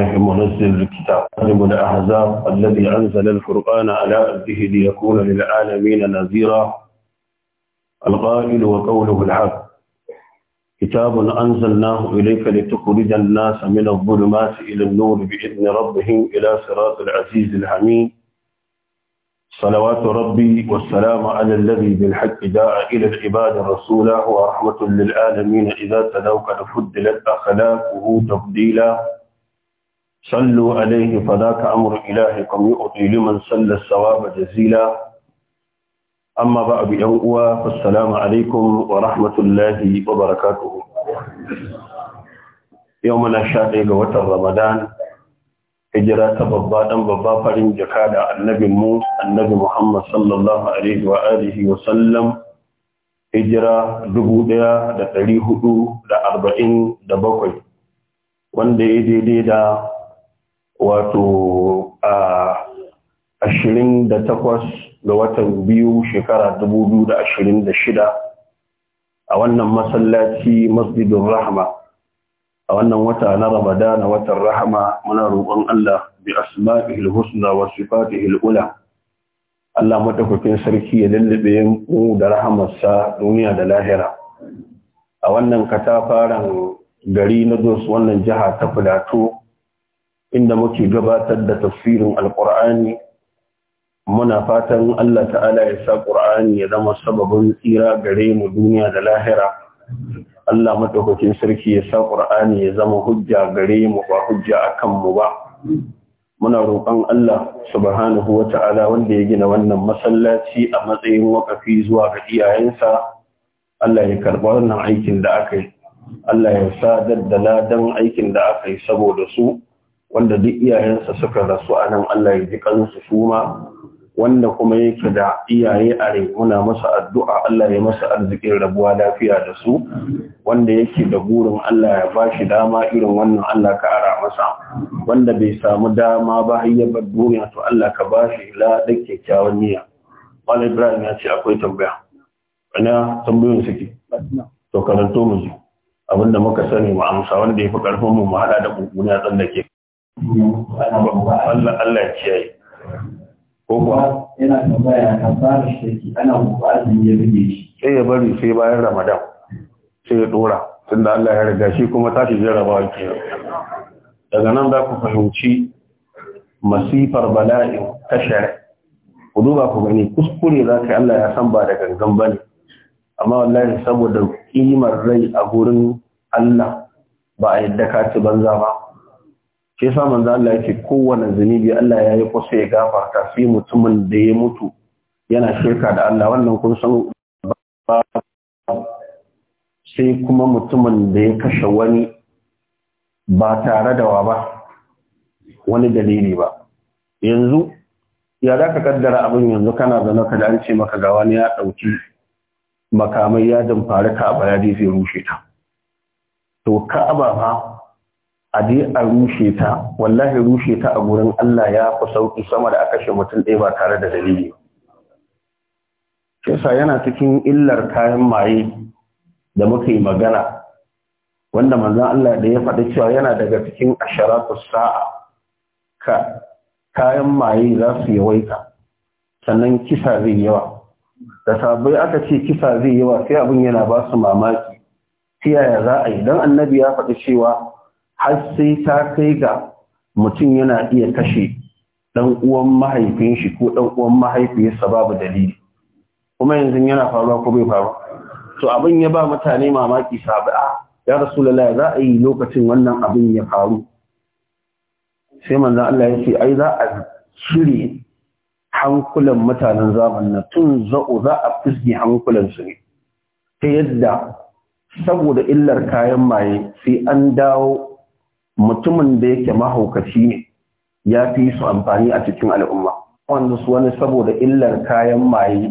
منزل الكتاب من الأحزاب الذي أنزل الفرقان على أبده ليكون للعالمين نذيرا القائل وقوله الحق كتاب أنزلناه إليك لتخرج الناس من الظلمات إلى النور بإذن ربهم إلى صراط العزيز الحميد صلوات ربي والسلام على الذي بالحق جاء إلى العباد رسولا ورحمة للعالمين إذا تلوك فدلت أخلاقه تفضيلا sallu alaihi fadaka amru ilahi kam yu'ti liman salla thawaba jazila amma ba abi yan uwa assalamu alaikum wa rahmatullahi wa barakatuh yau muna sha ɗaya ga watan ramadan hijira ta babba dan babba farin jaka da annabin mu annabi muhammad sallallahu alaihi wa alihi wa sallam hijira dubu ɗaya da ɗari hudu da arba'in da bakwai wanda ya daidai da wato ashirin da ga watan biyu shekara dubu biyu da ashirin da shida a wannan masallaci masjidin rahama a wannan wata na ramadana watan rahama muna roƙon Allah bi asma'il husna wa sifati ula Allah madaukakin sarki ya lullube mu da rahamarsa duniya da lahira a wannan katafaren gari na dos wannan jiha ta Filato inda muke gabatar da tafsirin alƙur'ani muna fatan Allah ta'ala ya sa ƙur'ani ya zama sababin tsira gare mu duniya da lahira Allah madaukakin sarki ya sa ƙur'ani ya zama hujja gare mu ba hujja akan mu ba muna roƙon Allah subhanahu wa ta'ala wanda ya gina wannan masallaci a matsayin wakafi zuwa ga iyayensa Allah ya karɓa wannan aikin da aka yi Allah ya sadar da ladan aikin da aka yi saboda su wanda duk iyayensa suka rasu a nan Allah ya ji kansu su ma wanda kuma yake da iyaye a rai muna masa addu'a Allah ya masa arzikin rabuwa lafiya da su wanda yake da burin Allah ya ba shi dama irin wannan Allah ka ara masa wanda bai samu dama ba hayyabar burin to Allah ka ba shi la da kyakkyawan niyya wani ibrahim ya ce akwai tambaya ana tambayoyin suke to karanto mu abinda muka sani mu amsa wanda ya fi karfin mu mu hada da kunkuni a tsallake Allah Allah yana ka fara shi ana buƙatar ya rige shi sai ya bari sai bayan Ramadan sai ya dora tunda Allah ya riga shi kuma tashi jarabawa kenan daga nan za ku fahimci masifar bala'in tashar ku duba ku gani kuskure za ka Allah ya san ba da gangan ba ne amma wallahi saboda kimar rai a gurin Allah ba a yadda kaci banza ba shi yasa manzo Allah yake kowanne zunubi Allah ya yi kusa ya gafarta sai mutumin da ya mutu yana shirka da Allah wannan kun san sai kuma mutumin da ya kashe wani ba tare da wa ba wani dalili ba yanzu ya za ka kaddara abin yanzu kana da naka da an ce maka ga wani ya ɗauki makamai ya damfari ka a zai rushe ta to ka'aba ba a je a rushe ta wallahi rushe ta a gurin Allah ya fi sauki sama da a kashe mutum ɗaya ba tare da dalili ba. Shesa yana cikin illar kayan maye da muka yi magana wanda manzan Allah da ya faɗi cewa yana daga cikin asharatu sa'a ka kayan maye za su yawaita sannan kisa zai yawa da sabai aka ce kisa zai yawa sai abin yana ba su mamaki ta yaya za a yi don annabi ya faɗi cewa har sai ta kai ga mutum yana iya kashe dan uwan mahaifin shi ko dan uwan mahaifiyarsa babu dalili kuma yanzu yana faruwa ko bai faru to abin ya ba mutane mamaki sabi'a ah, ya rasulullahi za a yi lokacin wannan abin ya faru sai manzan Allah ya ce ai za a shiri hankulan mutanen zamanin tun za'o za a fisge hankulan su ne ta yadda saboda illar kayan maye sai an dawo mutumin da yake mahaukaci ne ya fi su amfani a cikin al'umma wanda su wani saboda illar kayan maye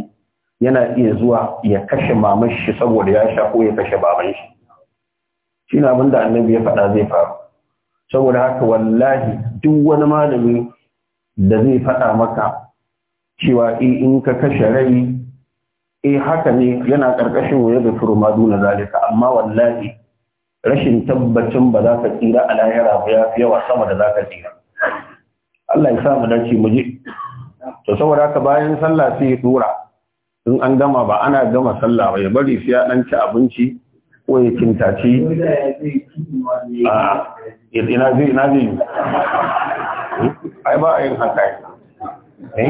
yana iya zuwa ya kashe maman shi saboda ya sha ko ya kashe baban shi shi na abin da annabi ya faɗa zai faru saboda haka wallahi duk wani malami da zai faɗa maka cewa eh, in ka kashe rai eh haka ne yana ƙarƙashin waye da turma na zalika amma wallahi rashin tabbacin ba za ka tsira a lahira ba ya fi yawa sama da za ka tsira Allah ya sa mu dace mu je to saboda haka bayan sallah sai ya dora in an gama ba ana gama sallah ba ya bari sai ya dan ci abinci ko ya kintaci a ina zai ina zai ai ba a yin haka eh?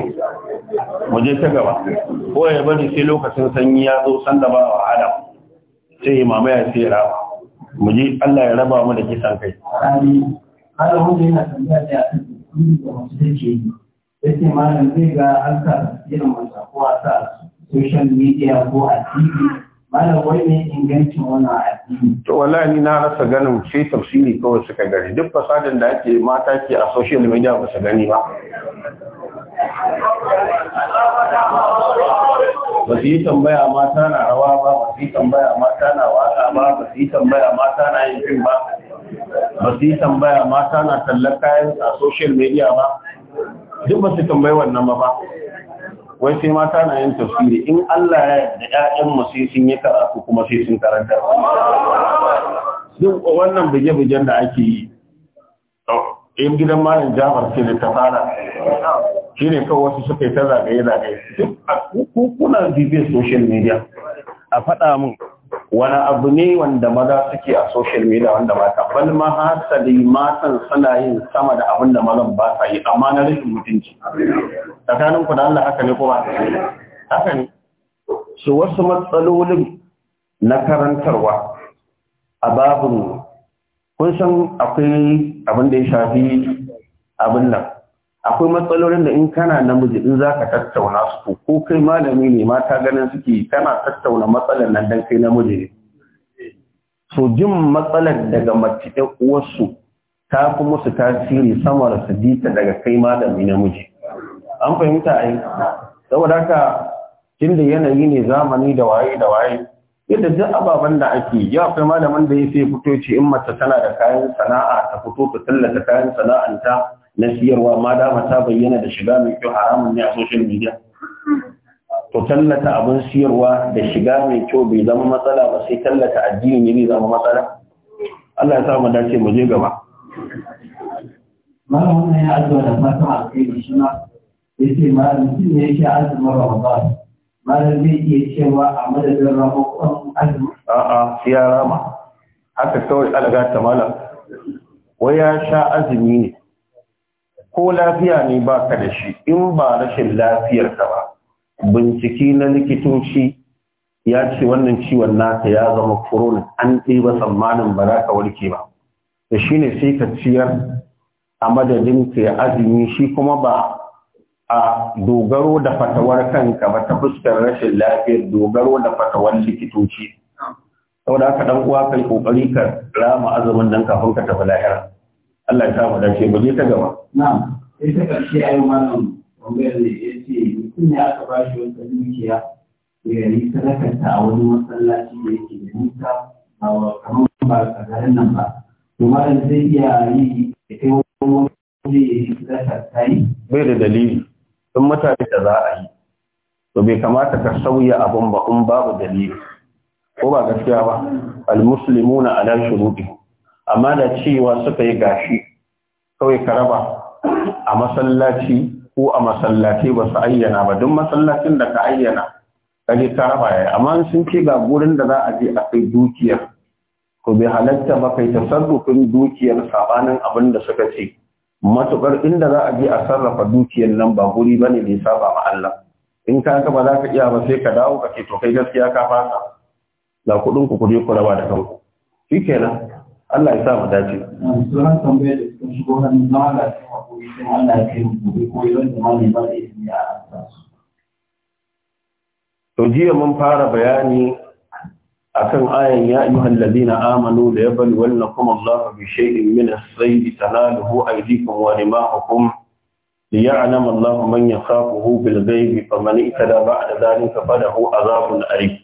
mu je ta gaba ko ya bari sai lokacin sanyi ya zo sanda ba wa adam sai imamai ya sai rawa mu je Allah ya raba mu da kisan kai amin wanda mun yana tambaya da akan da wasu take yi yake malam zai ga an sa irin wanda ko a sa social media ko a TV malam wai ne ingancin wannan addini to wallahi ni na rasa ganin sai tafsiri kawai suka gari duk fasadin da ake mata ke a social media ba su gani ba ba su yi tambaya mata na rawa ba ba su yi tambaya mata na waka ba ba su yi tambaya mata na yin fim ba ba su yi tambaya mata na tallar kayan a social media ba duk ba su tambayi wannan ba ba wai sai mata na yin tafsiri in Allah ya da ƴaƴan mu sai sun yi karatu kuma sai sun karanta duk wannan bige-bigen da ake yi in gidan malam jafar ce da ta fara shi ne kawai wasu suka yi ta zagaye-zagaye duk a kuna bibiyar social media a faɗa mun wani abu ne wanda maza suke a social media wanda mata bal ma hasali matan suna yin sama da abin da mazan ba sa yi amma na rashin mutunci tsakanin ku da Allah haka ne kuma haka ne su wasu matsalolin na karantarwa a babin kun san akwai abin da ya shafi abin nan akwai matsalolin da in kana namiji in za ka tattauna su ko kai malami ne mata ganin suke kana tattauna matsalar nan don kai namiji ne so jin matsalar daga mace ɗan uwarsu ta fi musu tasiri sama da su dita daga kai malami namiji an fahimta yi saboda haka tunda yanayi ne zamani da waye da waye yadda duk ababen da ake ya akwai malamin da ya sai fito ce in mace tana da kayan sana'a ta fito ta tallata kayan sana'anta na siyarwa ma dama ta bayyana da shiga mai kyau haramun ne a social media to tallata abin siyarwa da shiga mai kyau bai zama matsala ba sai tallata addini ne zama matsala Allah ya sa mu dace mu je gaba malamin ya addu'a da fatan alheri shi ma yace malamin ne yake azumin Ramadan malam zai iya cewa a madadin ramakon azumi a'a siya rama haka kawai alaga ta malam wai ya sha azumi ne ko lafiya ne ba ka da shi in ba rashin lafiyar ka ba bincike na likitoci ya ce wannan ciwon naka ya zama corona an ɗiba tsammanin ba za ka warke ba da shi ne sai ka ciyar a madadin ka ya azumi shi kuma ba a dogaro da fatawar kanka ba ta fuskar rashin lafiyar dogaro da fatawar likitoci Sau da aka dan uwa kai kokari ka rama azumin nan kafin ka tafi lahira Allah ya sa mu dace mu je ta gaba na'am sai ta karshe ayi wannan tambayar ne ce mutum ne aka bashi shi wata dukiya ya yi sadakar a wani masallaci da yake da nisa a kamar ba a garin nan ba to malam zai iya yi ya kai wani waje ya yi sadakar ta yi bai da dalili sun mutane da za a yi to bai kamata ka sauya abin ba in babu dalili ko ba gaskiya ba na ala shuruɗi amma da cewa suka yi gashi kawai ka raba a masallaci ko a masallaci ba su ayyana ba Don masallacin da ka ayyana kaje ka raba ya amma sun ce ga gurin da za a je a kai dukiyar ko bai halatta ba kai tasarrufin dukiyar sabanin abin da suka ce matuƙar inda za a je a sarrafa dukiyar nan ba guri ba ne mai saba ma Allah in ka ga ba za ka iya ba sai ka dawo ka ce to kai gaskiya ka fasa ga kuɗin ku kuje ku raba da kanku kenan. Allah ya sa mu dace da shigo nan na Allah ya hakuri ya kai mu ko mai ba da to jiya mun fara bayani akan ayan ya ayyuhal ladina amanu la yabluwannakum Allah bi shay'in min as-sayd tanaluhu aydikum wa rimahukum liya'lam Allah man yakhafuhu bil ghaibi faman itada ba'da dhalika falahu azabun alim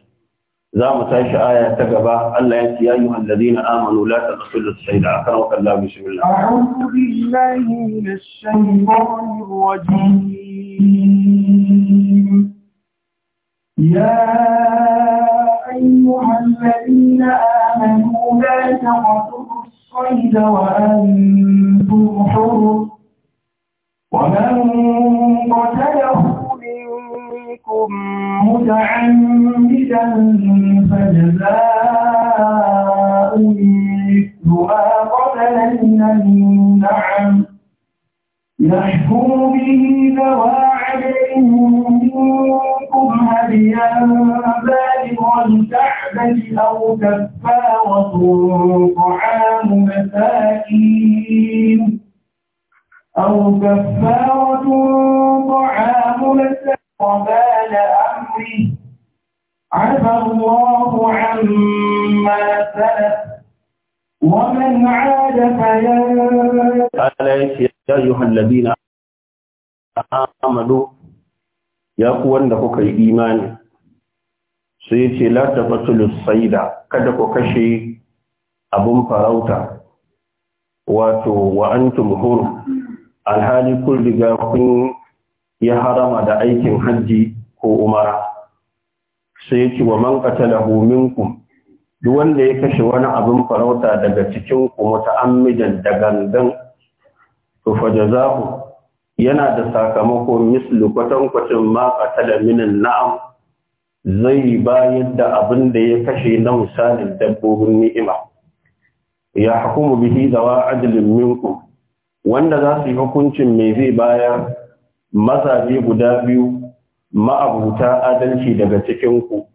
za mu tashi aya ta gaba Allah ya ce ya ayyuhal ladina amanu la taqtulu as-sayd akan wa kallahu bismillah a'udhu billahi minash shaytanir rajim ya أيها الذين آمنوا لا تقتلوا الصيد وأنتم حر ومن قتله منكم متعمدا فجزاء مثل ما قتل من النعم يحكم به ذوى عدل لكم هديا بالغ الكعبة أو كفارة طعام مساكين أو كفارة طعام مساكين وبال أمره عفى الله عما سلف ومن عاد فينسى عليك يا أيها الذين آمنوا ya ku wanda kuka yi imani sai ya ce la tafatulu saida kada ku kashe abun farauta wato wa antum hurum alhali kun riga kun ya harama da aikin hajji ko umara sai ya ce wa man qatalahu minkum duk wanda ya kashe wani abin farauta daga cikin ku muta'ammidan da gangan to fa yana da sakamakon mislu kwatankwacin ma da minin na'am zai bayar da abin da ya kashe na misalin dabbobin ni'ima ya hukumu bihi zawa adlin minku, wanda za su yi hukuncin mai zai bayar mazaje guda biyu ma'abuta adalci daga cikin ku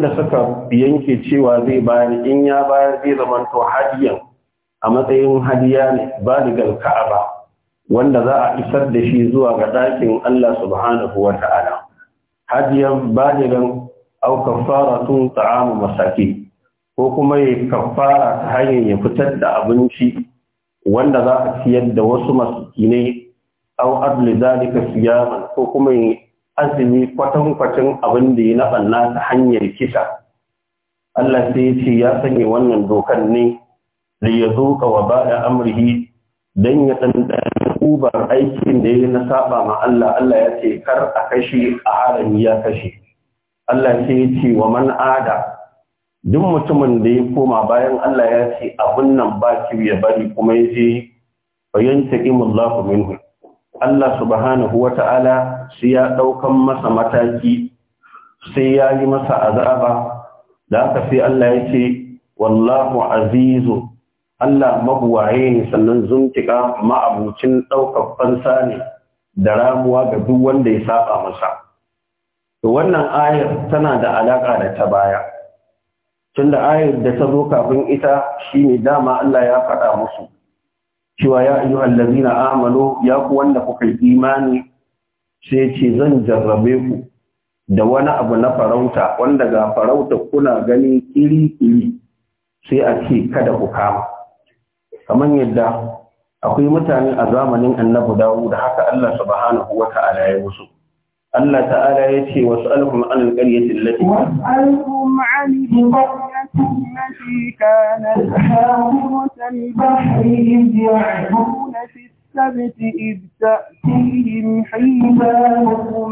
da suka yanke cewa zai bayar in ya bayar zai zamanta hadiyan a matsayin hadiya ne ba baligal ka'aba wanda za a isar da shi zuwa ga dakin Allah subhanahu wa ta'ala hadiyan baligan fara kafaratun ta'amu masaki ko kuma ya kafara ta hanyar ya fitar da abinci wanda za a siyar da wasu masakine, au adli zalika siyaman ko kuma ya azumi kwatankwacin abin da ya naɓanna ta hanyar kisa Allah sai ce ya sanya wannan dokan ne da ya zo wa ba da amurhi don ya ɗanɗana ukubar aikin da ya na saba ma Allah Allah ya ce kar a kashe a harami ya kashe Allah sai ya ce wa man ada duk mutumin da ya koma bayan Allah ya ce abun nan ba ki ya bari kuma ya je bayan taqimullahu minhu Allah subhanahu ta'ala sai ya daukan masa mataki sai ya yi masa azaba da aka sai Allah ya ce wallahu azizu Allah mabuwaye ne sannan zuntika ma'abucin ɗaukar fansa ne da ramuwa ga duk wanda ya saba masa. To wannan ayar tana da alaƙa da ta baya. Tunda ayar da ta zo kafin ita shine dama Allah ya faɗa musu. Cewa ya ayyuhal na amanu ya ku wanda kuka yi imani sai ce zan jarrabe ku da wani abu na farauta wanda ga farauta kuna gani iri-iri sai a ce kada ku kama. kamar yadda akwai mutane a zamanin annabu dawo da haka Allah subhanahu wa ta'ala ya musu Allah ta'ala ya ce wasu alhum an alƙaryati allati was'alhum an alqaryati allati kanat hawatan bahrin ya'buna fi السبت إذ تأتيهم حيبانهم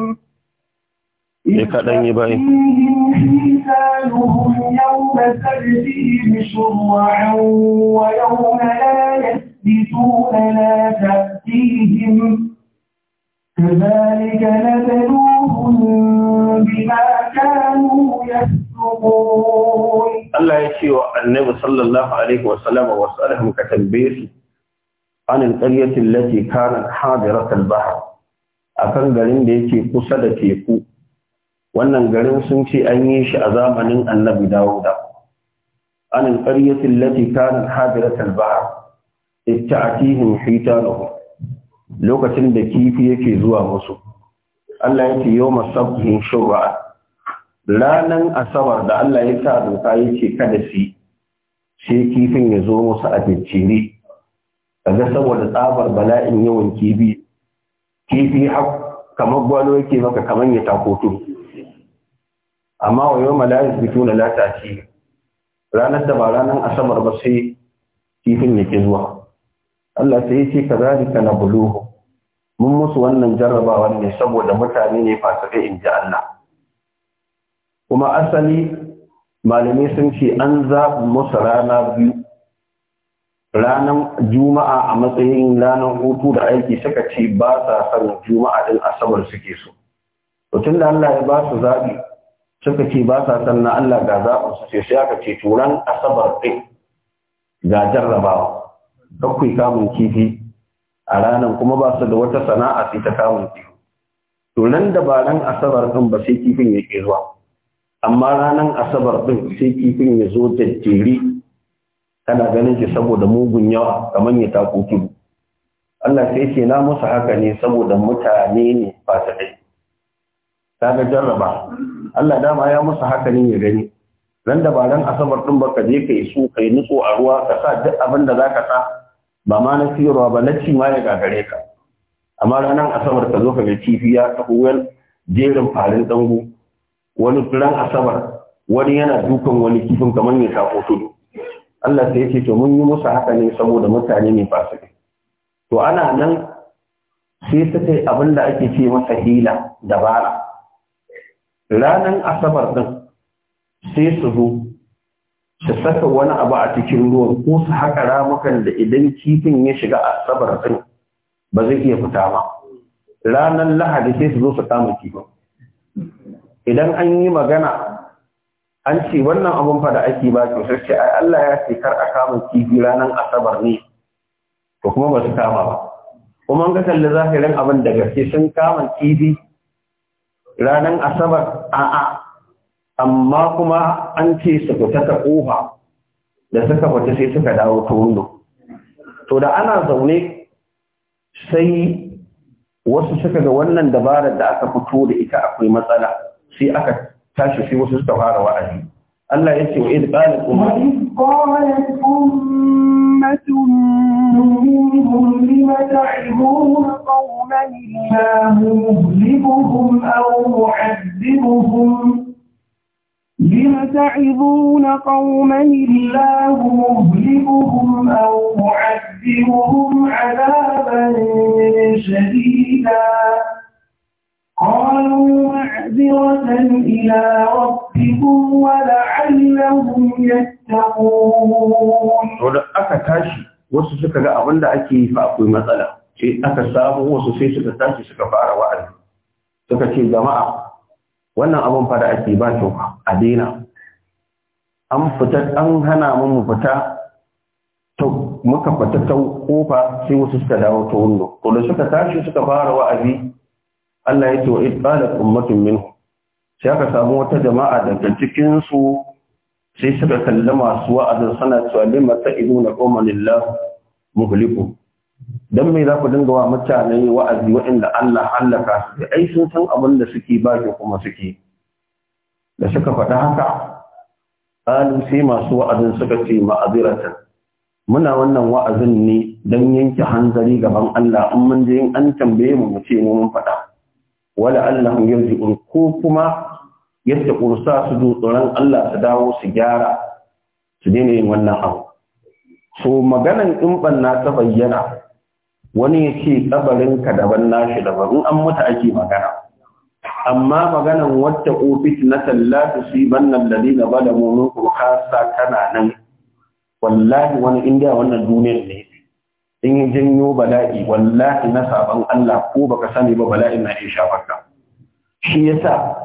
ميزانهم يوم سبتهم شرعا ويوم لا يسبتون لا تأتيهم كذلك نبلوهم بما كانوا يفسقون الله يشيء النبي صلى الله عليه وسلم وسألهم كتنبيه عن القرية التي كانت حاضرة البحر akan garin da yake kusa wannan garin sun ce an yi shi a zamanin annabi dawuda an alƙaryatin lati kanin hadirat albaha itta'atihim hitanuhu lokacin da kifi yake zuwa musu Allah yake yawma sabbin shur'a ranan asabar da Allah ya sa doka yake kada shi sai kifin ya zo musu a bincire kaga saboda tsabar bala'in yawan kifi kifi kamar gwalo yake maka kamar ya takoto amma wa yau mala'is bitu na ce ranar da ba ranar asabar ba sai kifin ya ke zuwa Allah sai ya ce ka ka na buluhu mun musu wannan jarrabawar ne saboda mutane ne kai in ji Allah kuma asali malamai sun ce an zaɓi musu rana biyu ranar juma'a a matsayin ranar hutu da aiki suka ce ba sa son juma'a din asabar suke so tun da Allah ya ba su zaɓi suka ce ba sa san na Allah ga zaɓin su sai aka ce turan asabar ɗin ga jarrabawa kakwai kamun kifi a ranar kuma ba su da wata sana'a sai ta kamun kifi turan dabaran asabar ɗin ba sai kifin ya ke zuwa amma ranar asabar ɗin sai kifin ya zo da jere kana ganin shi saboda mugun yawa kamar ya taku tudu Allah sai ce na musu haka ne saboda mutane ne ba ta ɗai ta ga jarraba Allah dama ya musu haka ne ya gani ran da ba ran asabar din ba ka je ka yi su ka nutso a ruwa ka sa duk abin da zaka sa ba ma na siyarwa ba na ci ma ya gagare ka amma ranar asabar ka zo ka ga kifi ya taho wani jerin farin dango wani ran asabar wani yana dukan wani kifin kamar ya shafo tudu Allah sai ce to mun yi musu haka ne saboda mutane ne fasiki to ana nan sai ta kai abin da ake ce masa hila dabara ranar asabar ɗin sai su zo su saka wani abu a cikin ruwan ko su haka ramukan da idan kifin ya shiga asabar ɗin ba zai iya fita ba ranan lahadi sai su zo su kama kifin idan an yi magana an ce wannan abun fa da ake ba to sai ce ai Allah ya ce kar a kama kifi ranan asabar ne to kuma ba su kama ba kuma an ga zahirin abin da gaske sun kama kifi Ranan asabar a'a amma kuma an ce su fita ta ƙofa da suka fita sai suka dawo ta wundo to da ana zaune sai wasu suka ga wannan dabarar da aka fito da ita akwai matsala sai aka tashi sai wasu suka fara wa'azi Allah ya ce wa idh qalat ummatu منهم لم تعبون قوما الله مهلكهم أو معذبهم لم تعظون قوما الله مهلكهم أو معذبهم عذابا شديدا قالوا معذرة إلى ربكم ولعلهم يتقون wasu suka ga abin da ake yi fa akwai matsala sai aka samu wasu sai suka tashi suka fara wa'azi suka ce jama'a wannan abin fa da ake ba to a daina an fita an hana mu mu fita ta muka fita ta kofa sai wasu suka dawo ta wundo to da suka tashi suka fara wa'azi Allah ya ce wa idqala ummatin minhu sai aka samu wata jama'a daga cikin su sai suka kalli masu wa'azin sana cewa ta ido na ƙoman lillah muhliku don me za ku dinga wa mutane wa'azi waɗanda Allah hallaka su ai sun san abin da suke ba kuma suke da suka faɗa haka ƙalu sai masu wa'azin suka ce ma'aziratan muna wannan wa'azin ne don yanke hanzari gaban Allah in mun je an tambaye mu mu ce mu mun faɗa wala Allah yarji'un ko kuma yadda ƙursa su du Allah su dawo su gyara su daina yin wannan abu so maganan in na ta bayyana wani ya ce tsabarinka ka daban nashi daban in an mutu ake magana amma maganan wata ofis na tallata su yi bannan da zina ba da mummun kurkasa tana nan wallahi wani indiya wannan duniyar ne in yi janyo bala'i wallahi na sabon Allah ko baka sani ba bala'in na iya shafarka shi yasa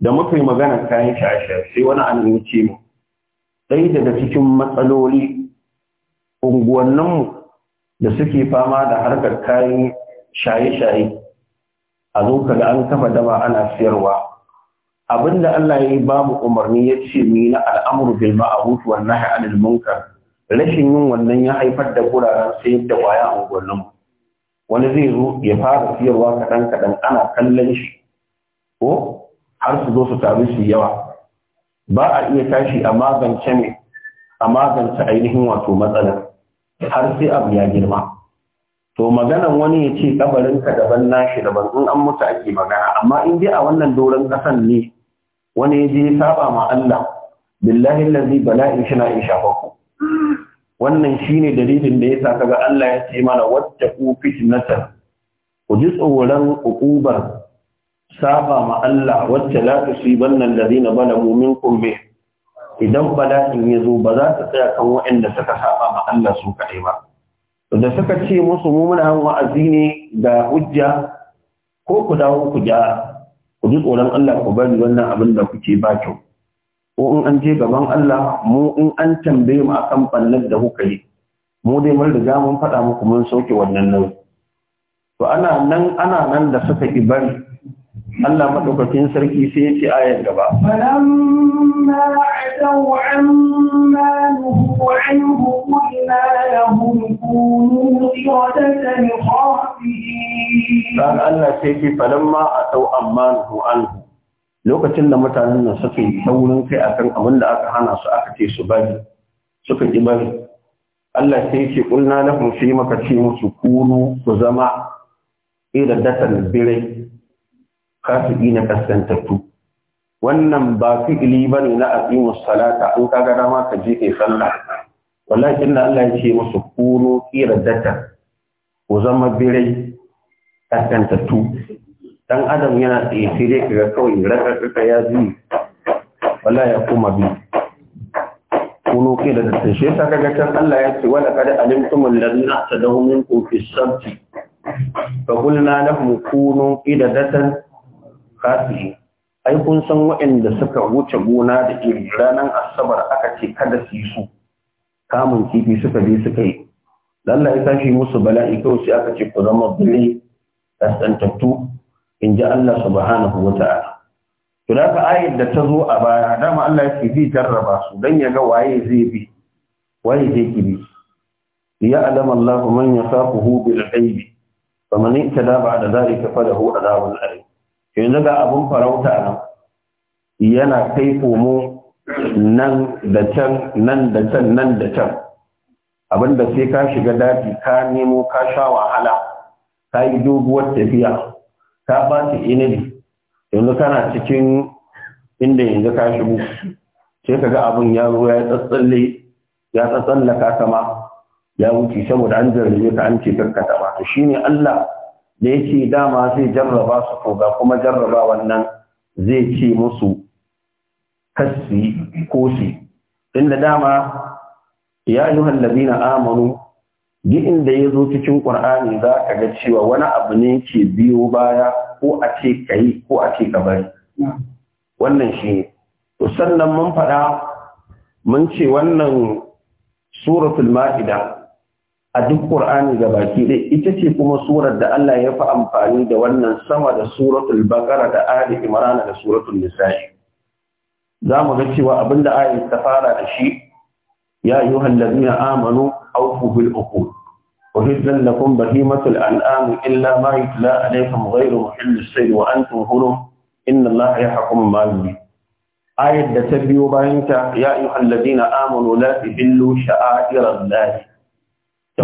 da muka yi magana kayan shashe sai wani an mu ɗaya daga cikin matsaloli unguwanninmu da suke fama da harkar kayan shaye-shaye a zo kaga an kafa daba ana siyarwa abinda Allah ya yi babu umarni ya ce ni na al'amuru bil ma'ruf wa nahi anil munkar rashin yin wannan ya haifar da guraren sayar da waya a unguwanninmu wani zai zo ya fara siyarwa kaɗan kaɗan ana kallon shi ko har su zo su taru su yawa ba a iya tashi a magance ne a magance ainihin wato matsalar har sai abu ya girma to maganan wani ya ce kabarinka daban nashi daban in an mutu ake magana amma in dai a wannan doron kasan ne wani ya je ya saba ma Allah billahi allazi bala'in shi na in shafaku wannan shine dalilin da yasa kaga Allah ya ce mana wattaqu fitnatan ku ji tsoron uqubar saba ma Allah wacce la da zina bala mumin kumbe idan bala in ya zo ba za ta tsaya kan waɗanda suka saba ma Allah su kaɗai ba da suka ce musu mu muna wa'azi ne ga hujja ko ku dawo ku ja ku ji tsoron Allah ku bari wannan abin da kuke ba kyau ko in an je gaban Allah mu in an tambaye mu akan ballar da kuka yi mu dai mun riga mun faɗa muku mun sauke wannan nauyi to ana nan ana nan da suka ki bari Allah maɗaukakin sarki sai ya ce ayar gaba. Falamma atau amma nuhu anhu qulna lahum kunu Allah sai ce atau amma nuhu an. Lokacin da mutanen nan suka yi wurin kai akan abin da aka hana su aka ce su bari, suka ƙi bari. Allah sai ce na lahum sai maka ce musu kunu su zama datan birai kafiri na kaskantattu wannan ba fi'ili ba ne na aqimus salata an kaga dama ka je kai sallah wallahi inna Allah ya ce musu kunu qiradatan ku zama birai kaskantattu dan adam yana tsaye sai dai kaga kawai raka ya ji wallahi ya kuma bi kunu qiradatan shi ta kaga can Allah ya ce wala qad alimtum alladhina tadawun minkum fi sabti fa qulna lahum kunu qiradatan kafiri ai kun san waɗanda suka wuce gona da iri ranar asabar aka ce kada su yi su kamun kifi suka je suka yi lalla ya tashi musu bala'i kawai sai aka ce ku zama bule kasantattu in ji Allah subhanahu wa ta'ala to da ka ayar da ta zo a baya dama Allah ya ce zai jarraba su dan ya ga waye zai bi waye zai ki bi ya alama Allah man yasafuhu bil ghaibi faman ittada ba'da zalika falahu adabun alim yanzu ga abin farauta nan yana kai komo nan da can nan da can nan da can abinda sai ka shiga daji ka nemo ka sha wahala ka yi doguwar tafiya ka ba ta inabi yanzu kana cikin inda yanzu ka shigo sai ka ga abin ya zo ya tsatsalle ya ka kama ya wuce saboda an jarrabe ka an ce karkata ba shi ne Allah da yake dama zai jarraba su ko ga kuma jarraba wannan zai ce musu kasi ko shi inda dama ya yi hallabi na amanu gi inda ya zo cikin ƙwar'ani za ka ga cewa wani abu ne ke biyo baya ko a ce ka yi ko a ce ka bari wannan shi to sannan mun faɗa mun ce wannan suratul ma'ida a duk Ƙur'ani ga baki ɗaya, ita ce kuma surar da Allah ya fi amfani da wannan sama da suratul bakara da Ali Imran da suratun Nisa'i. Za mu ga cewa abin da ayin ta fara da shi ya yi wahallabi na amanu a wufu bil uku. kun bari matul al'amu illa ma yi tula a dai kan gairu muhimmin sai wa an tun huru inna ya hakuma ma yi. da ta biyo bayanta ta ya yi wahallabi na amanu la ibillu sha'a'irar lahi.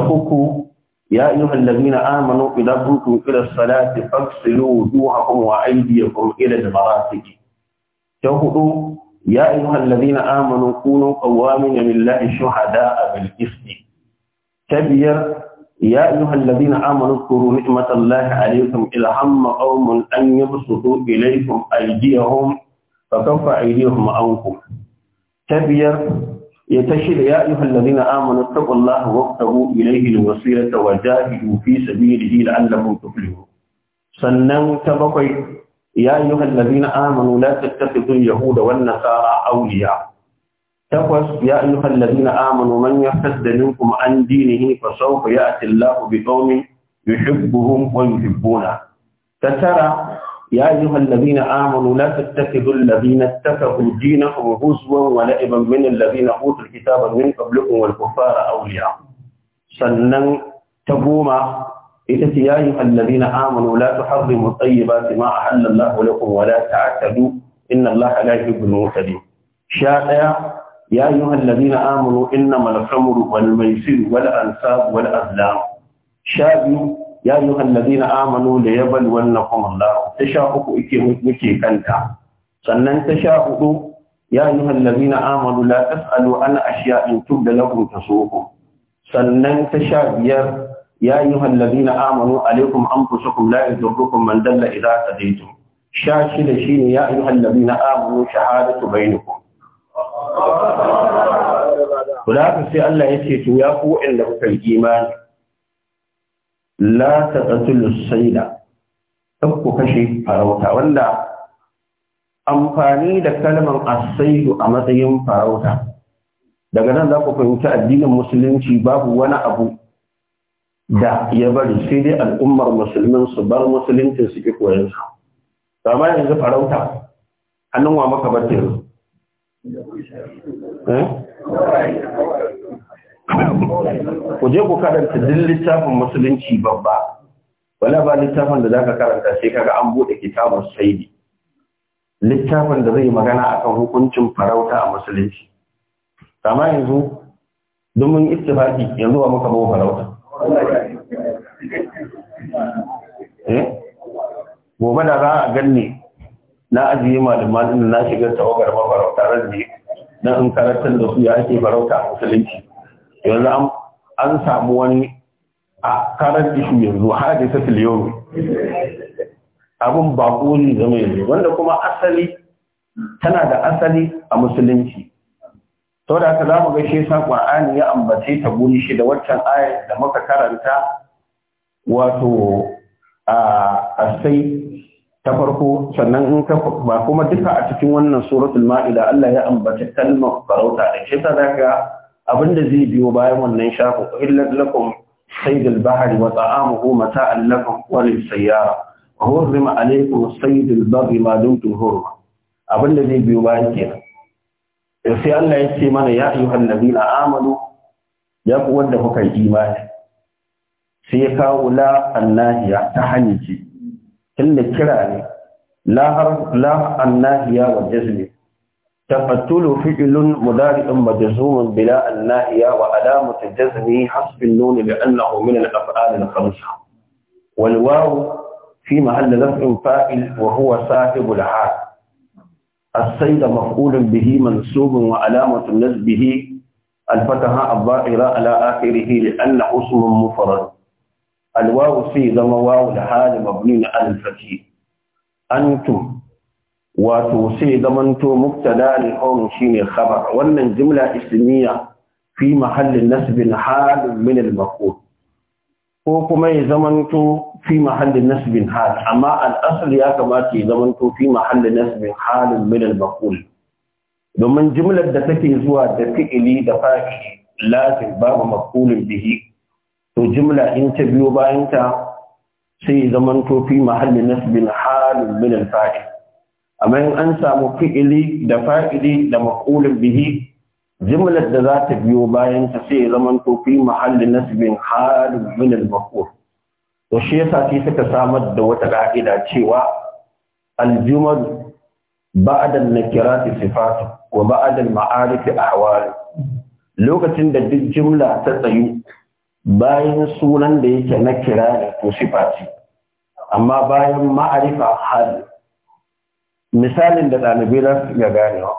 uku ya yi hallabina amano idan rukun ila salati aksilu duha kuma wa aibiya kuma ila da mara suke. Ta hudu ya yi hallabina amano kuno kawamin ya milla ishuha da a bilkisti. Ta biyar ya yi hallabina amano kuro ni matallahi alaikum ilham ma'aumun an yi musu zo ilaikum aidiyahum ba kafa aidiyahum ma'aukum. Ta biyar ya ta shida ya yi hallari na amina taɓon laha wakaru ilaihi da wasu yadda ta wajahi rufi sabi da ila allahun tuflihu sannan ta bakwai ya yi hallari na amina la tattata zun yahuda wannan tsara auliya takwas ya yi hallari na amina man ya kuma an dini ne fa sau ka ya atin lahu bi tsaunin yuhibbuhun wa yuhibbuna ta tara يا أيها الذين آمنوا لا تتخذوا الذين اتخذوا دينهم هزوا ولعبا من الذين أوتوا الكتاب من قبلكم والكفار أولياء سنن تقوم إذا يا أيها الذين آمنوا لا تحرموا الطيبات ما أحل الله لكم ولا تعتدوا إن الله لا يحب المعتدين شائع يا أيها الذين آمنوا إنما الخمر والميسر والأنساب والأزلام شابي ya yi hallazi na amanu da ya bal wannan kwamallah ta sha uku ike muke kanta sannan ta sha hudu ya yi hallazi na amanu la tas'alu an ashiya in tub da lakum tasuhu sannan ta sha biyar ya yi hallazi na amanu alaikum anfusakum la yadurrukum man dalla idza tadaytum sha shida shine ya yi hallazi na amanu shahadatu bainakum Kula ka sai Allah ya ce to ya ku waɗanda kuka yi imani la taqtulu sayda ku kashe farauta wanda amfani da kalmar asaidu a matsayin farauta daga nan za ku fahimci addinin musulunci babu wani abu da ya bari sai dai al'ummar musulmin su bar musulunci su ki koyon to amma yanzu farauta hannun wa maka bar ku je ku karanta duk littafin musulunci babba wala ba littafin da zaka karanta sai kaga an bude kitabun saidi littafin da zai magana akan hukuncin farauta a musulunci amma yanzu mun ittifaki yanzu ba muka bawo farauta eh? gobe da za a ganni na ajiye malaman na shigar tawagar mafarauta ran ne na in karantar da su ya ake farauta a musulunci yanzu an samu wani a karar shi yanzu har da filiyomi abin baƙo ne zama yanzu wanda kuma asali tana da asali a musulunci sau da aka za mu gaishe sa ƙwa'ani ya ambace ta guri shi da waccan ayar da muka karanta wato a sai ta farko sannan in ka ba kuma duka a cikin wannan suratul ma'ida Allah ya ambaci kalmar farauta da ke ta daga abinda zai biyo bayan wannan shafa illat lakum sayd al-bahr wa ta'amuhu mata'an lakum wa lis-sayyara wa hurrima alaykum sayd al-barr ma dumtum hurma abinda zai biyo bayan kenan sai Allah ya ce mana ya ayyuhan nabiyina amanu ya ku wanda kuka yi imani sai ya kawo la annahiya ta hanyar ce tunda kira ne la la annahiya wa jazmi تقتل فعل مضارع مجزوم بلا الناهية وعلامة جزمه حسب النون لأنه من الأفعال الخمسة والواو في محل رفع فاعل وهو صاحب الحال السيد مفعول به منسوب وعلامة نسبه الفتحة الظاهرة على آخره لأنه اسم مفرد الواو في ذم واو الحال مبني على الفتح أنتم wato sai zamanto mubtada al-qawm shine khabar wannan jumla ismiya fi mahallin nasbin hal min al-maf'ul ko kuma ya zamanto fi mahallin nasbin hal amma al-asl ya kamata ya zamanto fi mahallin nasbin hal min al-maf'ul domin jumlar da take zuwa da fi'ili da fa'ili lazim babu maf'ulin bihi to jumla in ta biyo bayan ta sai zamanto fi mahallin nasbin hal min al-fa'il amma in an samu fi'ili da fa'ili da maqulun bihi jimlar da za ta biyo bayan ta sai ya zama to fi mahallin nasbin halin min al-maqul to shi yasa sai suka samar da wata ka'ida cewa al-jumal ba'da an-nakirati sifatu wa ba'da al-ma'arif ahwal lokacin da duk jimla ta tsayu bayan sunan da yake na kira to amma bayan ma'arifa hal misalin da ɗalibai za su iya ganewa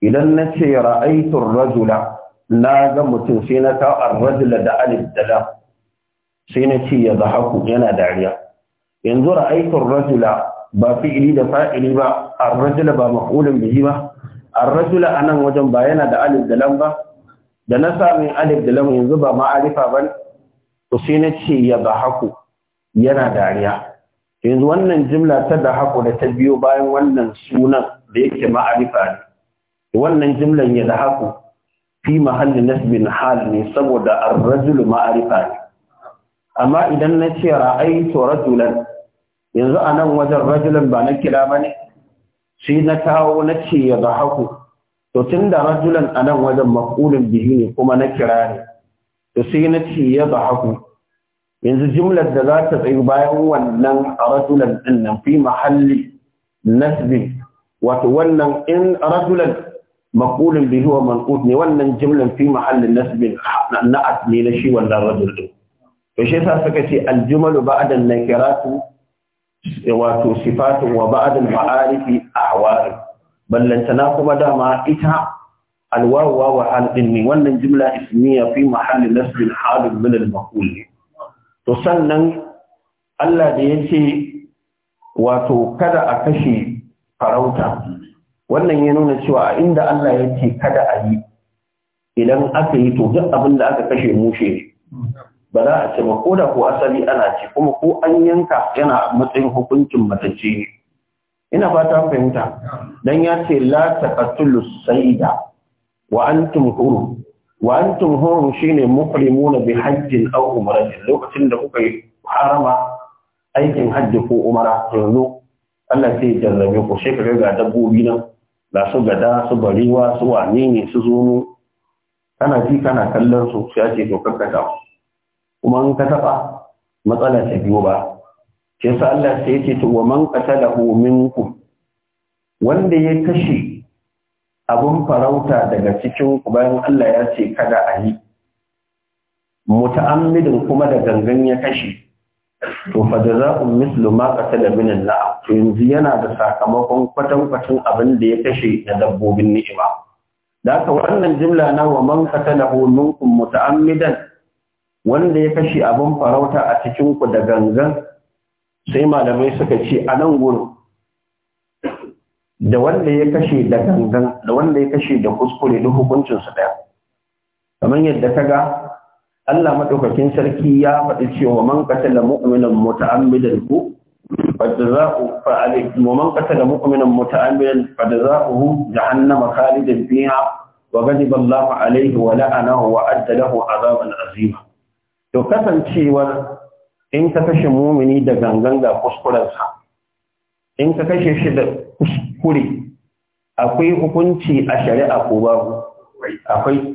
idan na ce ra'aitun rajula na ga mutum sai na kawo an rajula da alif da lam sai na ce ya zahaku yana dariya yanzu ra'aitun rajula ba fi'ili da fa'ili ba an rajula ba maf'ulun bihi ba an rajula a nan wajen ba yana da alif da lam ba da na sami alif da lam yanzu ba ma'arifa ba to sai na ce ya zahaku yana dariya yanzu wannan jimla ta da haku da ta biyo bayan wannan sunan da yake ma'arifa ne wannan jimlan ya da haku fi mahallin nasbin hal ne saboda ar-rajul ma'arifa ne amma idan na ce ra'aytu rajulan yanzu anan wajen rajulan ba na kira ba ne. sai na kawo na ce ya da haku to tunda rajulan anan wajen maqulun bihi ne kuma na kira ne to sai na ce ya da haku yanzu jimlar da za ta tsayi bayan wannan rajulan din nan fi mahalli nasbin, wato wannan in rajulan maqulun bihi wa manqut ne wannan jimlan fi mahallin nasbin na asli na shi wannan rajul din to shi yasa suka ce aljumalu ba'da nakiratu wato sifatun wa ba'da ma'arifi ahwari ballantana kuma dama ita alwawa wa hal din ne wannan jumla, ismiya fi mahallin nasbin halun min al-maqul ne to sannan Allah da ya wato kada a kashe farauta wannan ya nuna cewa a inda Allah ya kada a yi idan aka yi to duk abin da aka kashe mushe ba za a ce ba ko da ko asali ana ci kuma ko an yanka yana matsayin hukuncin matacce ne ina fata fahimta dan ya ce la taqatulu sayda wa antum hurum wa antum shine muqrimuna bi hajjin aw umratin lokacin da kuka yi harama aikin hajji ko umara yanzu Allah sai ya jarrabe ku sai kaga ga dabbobi nan da su gada su bariwa su wane ne su mu. kana ji kana kallon su sai ake to kakkata kuma in ka taba matsala ta biyo ba sai Allah sai ya ce to wa man qatalahu minkum wanda ya kashe abun farauta daga cikin bayan Allah ya ce kada a yi muta'ammidin kuma da gangan ya kashe to fa jazaa'un mislu ma qatala min to yanzu yana da sakamakon kwatankwacin abin da ya kashe da dabbobin ni'ima da ka wannan jimla na wa man qatalahu minkum muta'ammidan wanda ya kashe abin farauta a cikinku da gangan sai malamai suka ce a nan gurin da wanda ya kashe da gangan da wanda ya kashe da kuskure duk hukuncin su daya kamar yadda ka ga, Allah madaukakin sarki ya faɗi cewa man qatala mu'minan muta'ammidan ku fadza'u fa alayhi man qatala mu'minan muta'ammidan fadza'uhu jahannama khalidan fiha wa gani b'Allahu alaihi wa la'anahu wa adda lahu 'adaban 'azima to kasancewar in ka kashe mumini da gangan ga kuskurensa in ka kashe shi da kure akwai hukunci a shari'a ko babu akwai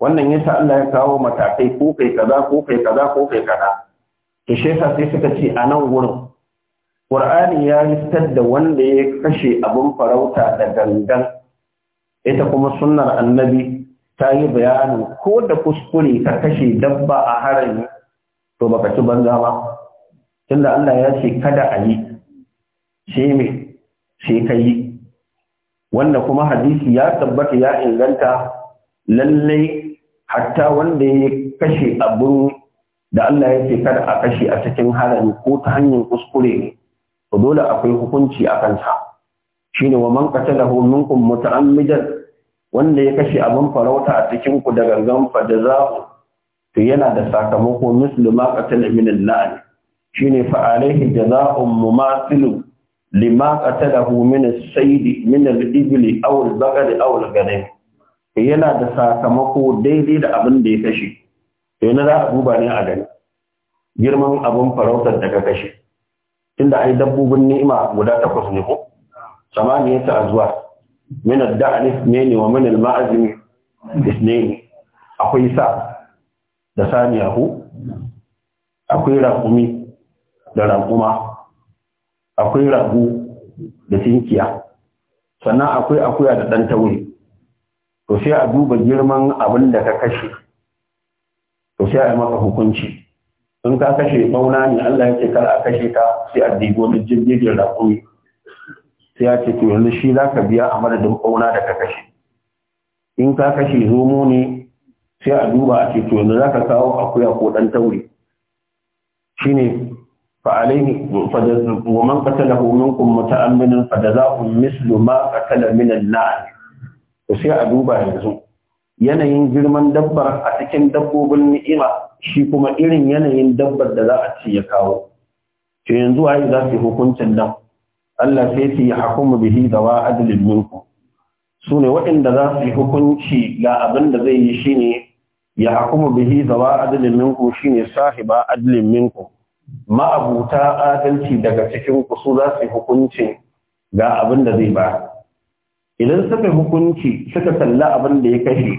wannan yasa Allah ya kawo matakai ko kai kaza ko kai kaza ko kai kaza to sai suka ce a nan wurin Qur'ani ya listar da wanda ya kashe abin farauta da gangan ita kuma sunnar annabi ta yi bayanin ko da kuskure ka kashe dabba a harami to baka ci banza ba tunda Allah ya ce kada a yi shi mai sai ka yi wanda kuma hadisi ya tabbata ya inganta lallai hatta wanda ya kashe abin da Allah ya ce kada a kashe a cikin harami ko ta hanyar kuskure to dole akwai hukunci a kansa shine wa man qatalahu minkum muta'ammidan wanda ya kashe abin farauta a cikin ku da gangan fa to yana da sakamako muslima qatala min shine fa alaihi jazaa'un mumathilu lima qatalahu min as-sayd min al-ibli aw al-baqari aw al yana da sakamako daidai da abin da ya kashe to yana za a duba ne a gani girman abin farautar da ka kashe tunda ai dabbobin ni'ima guda takwas ne ko a zuwa, min ad-da'ni ne wa min al-ma'zimi isnaini akwai sa da saniya akwai raƙumi da raƙuma akwai ragu da tinkiya sannan akwai akuya da ɗan taure to sai a duba girman abin da ka kashe to sai a yi maka hukunci in ka kashe bauna ne Allah yake kar a kashe ka sai a digo da jirgin raƙumi sai ya ce to yanzu shi za ka biya a madadin bauna da ka kashe in ka kashe zomo ne sai a duba a ce to yanzu za kawo akuya ko ɗan taure shine فعليه ومن قتله منكم متأمنا فجزاء مثل ما قتل من النعل sai a duba yanzu yanayin girman dabbar a cikin dabbobin ni'ima shi kuma irin yanayin dabbar da za a ci ya kawo to yanzu waye za su hukuncin nan Allah sai su yi hukumu bihi da wa adalin minku su ne waɗanda za su yi hukunci ga abin da zai yi shine ya hukumu bihi da wa adalin minku shine sahiba adalin minku ma'abuta adalci daga cikin kusu za su yi hukunci ga abin da zai ba idan suka hukunci suka kalla abin da ya kashe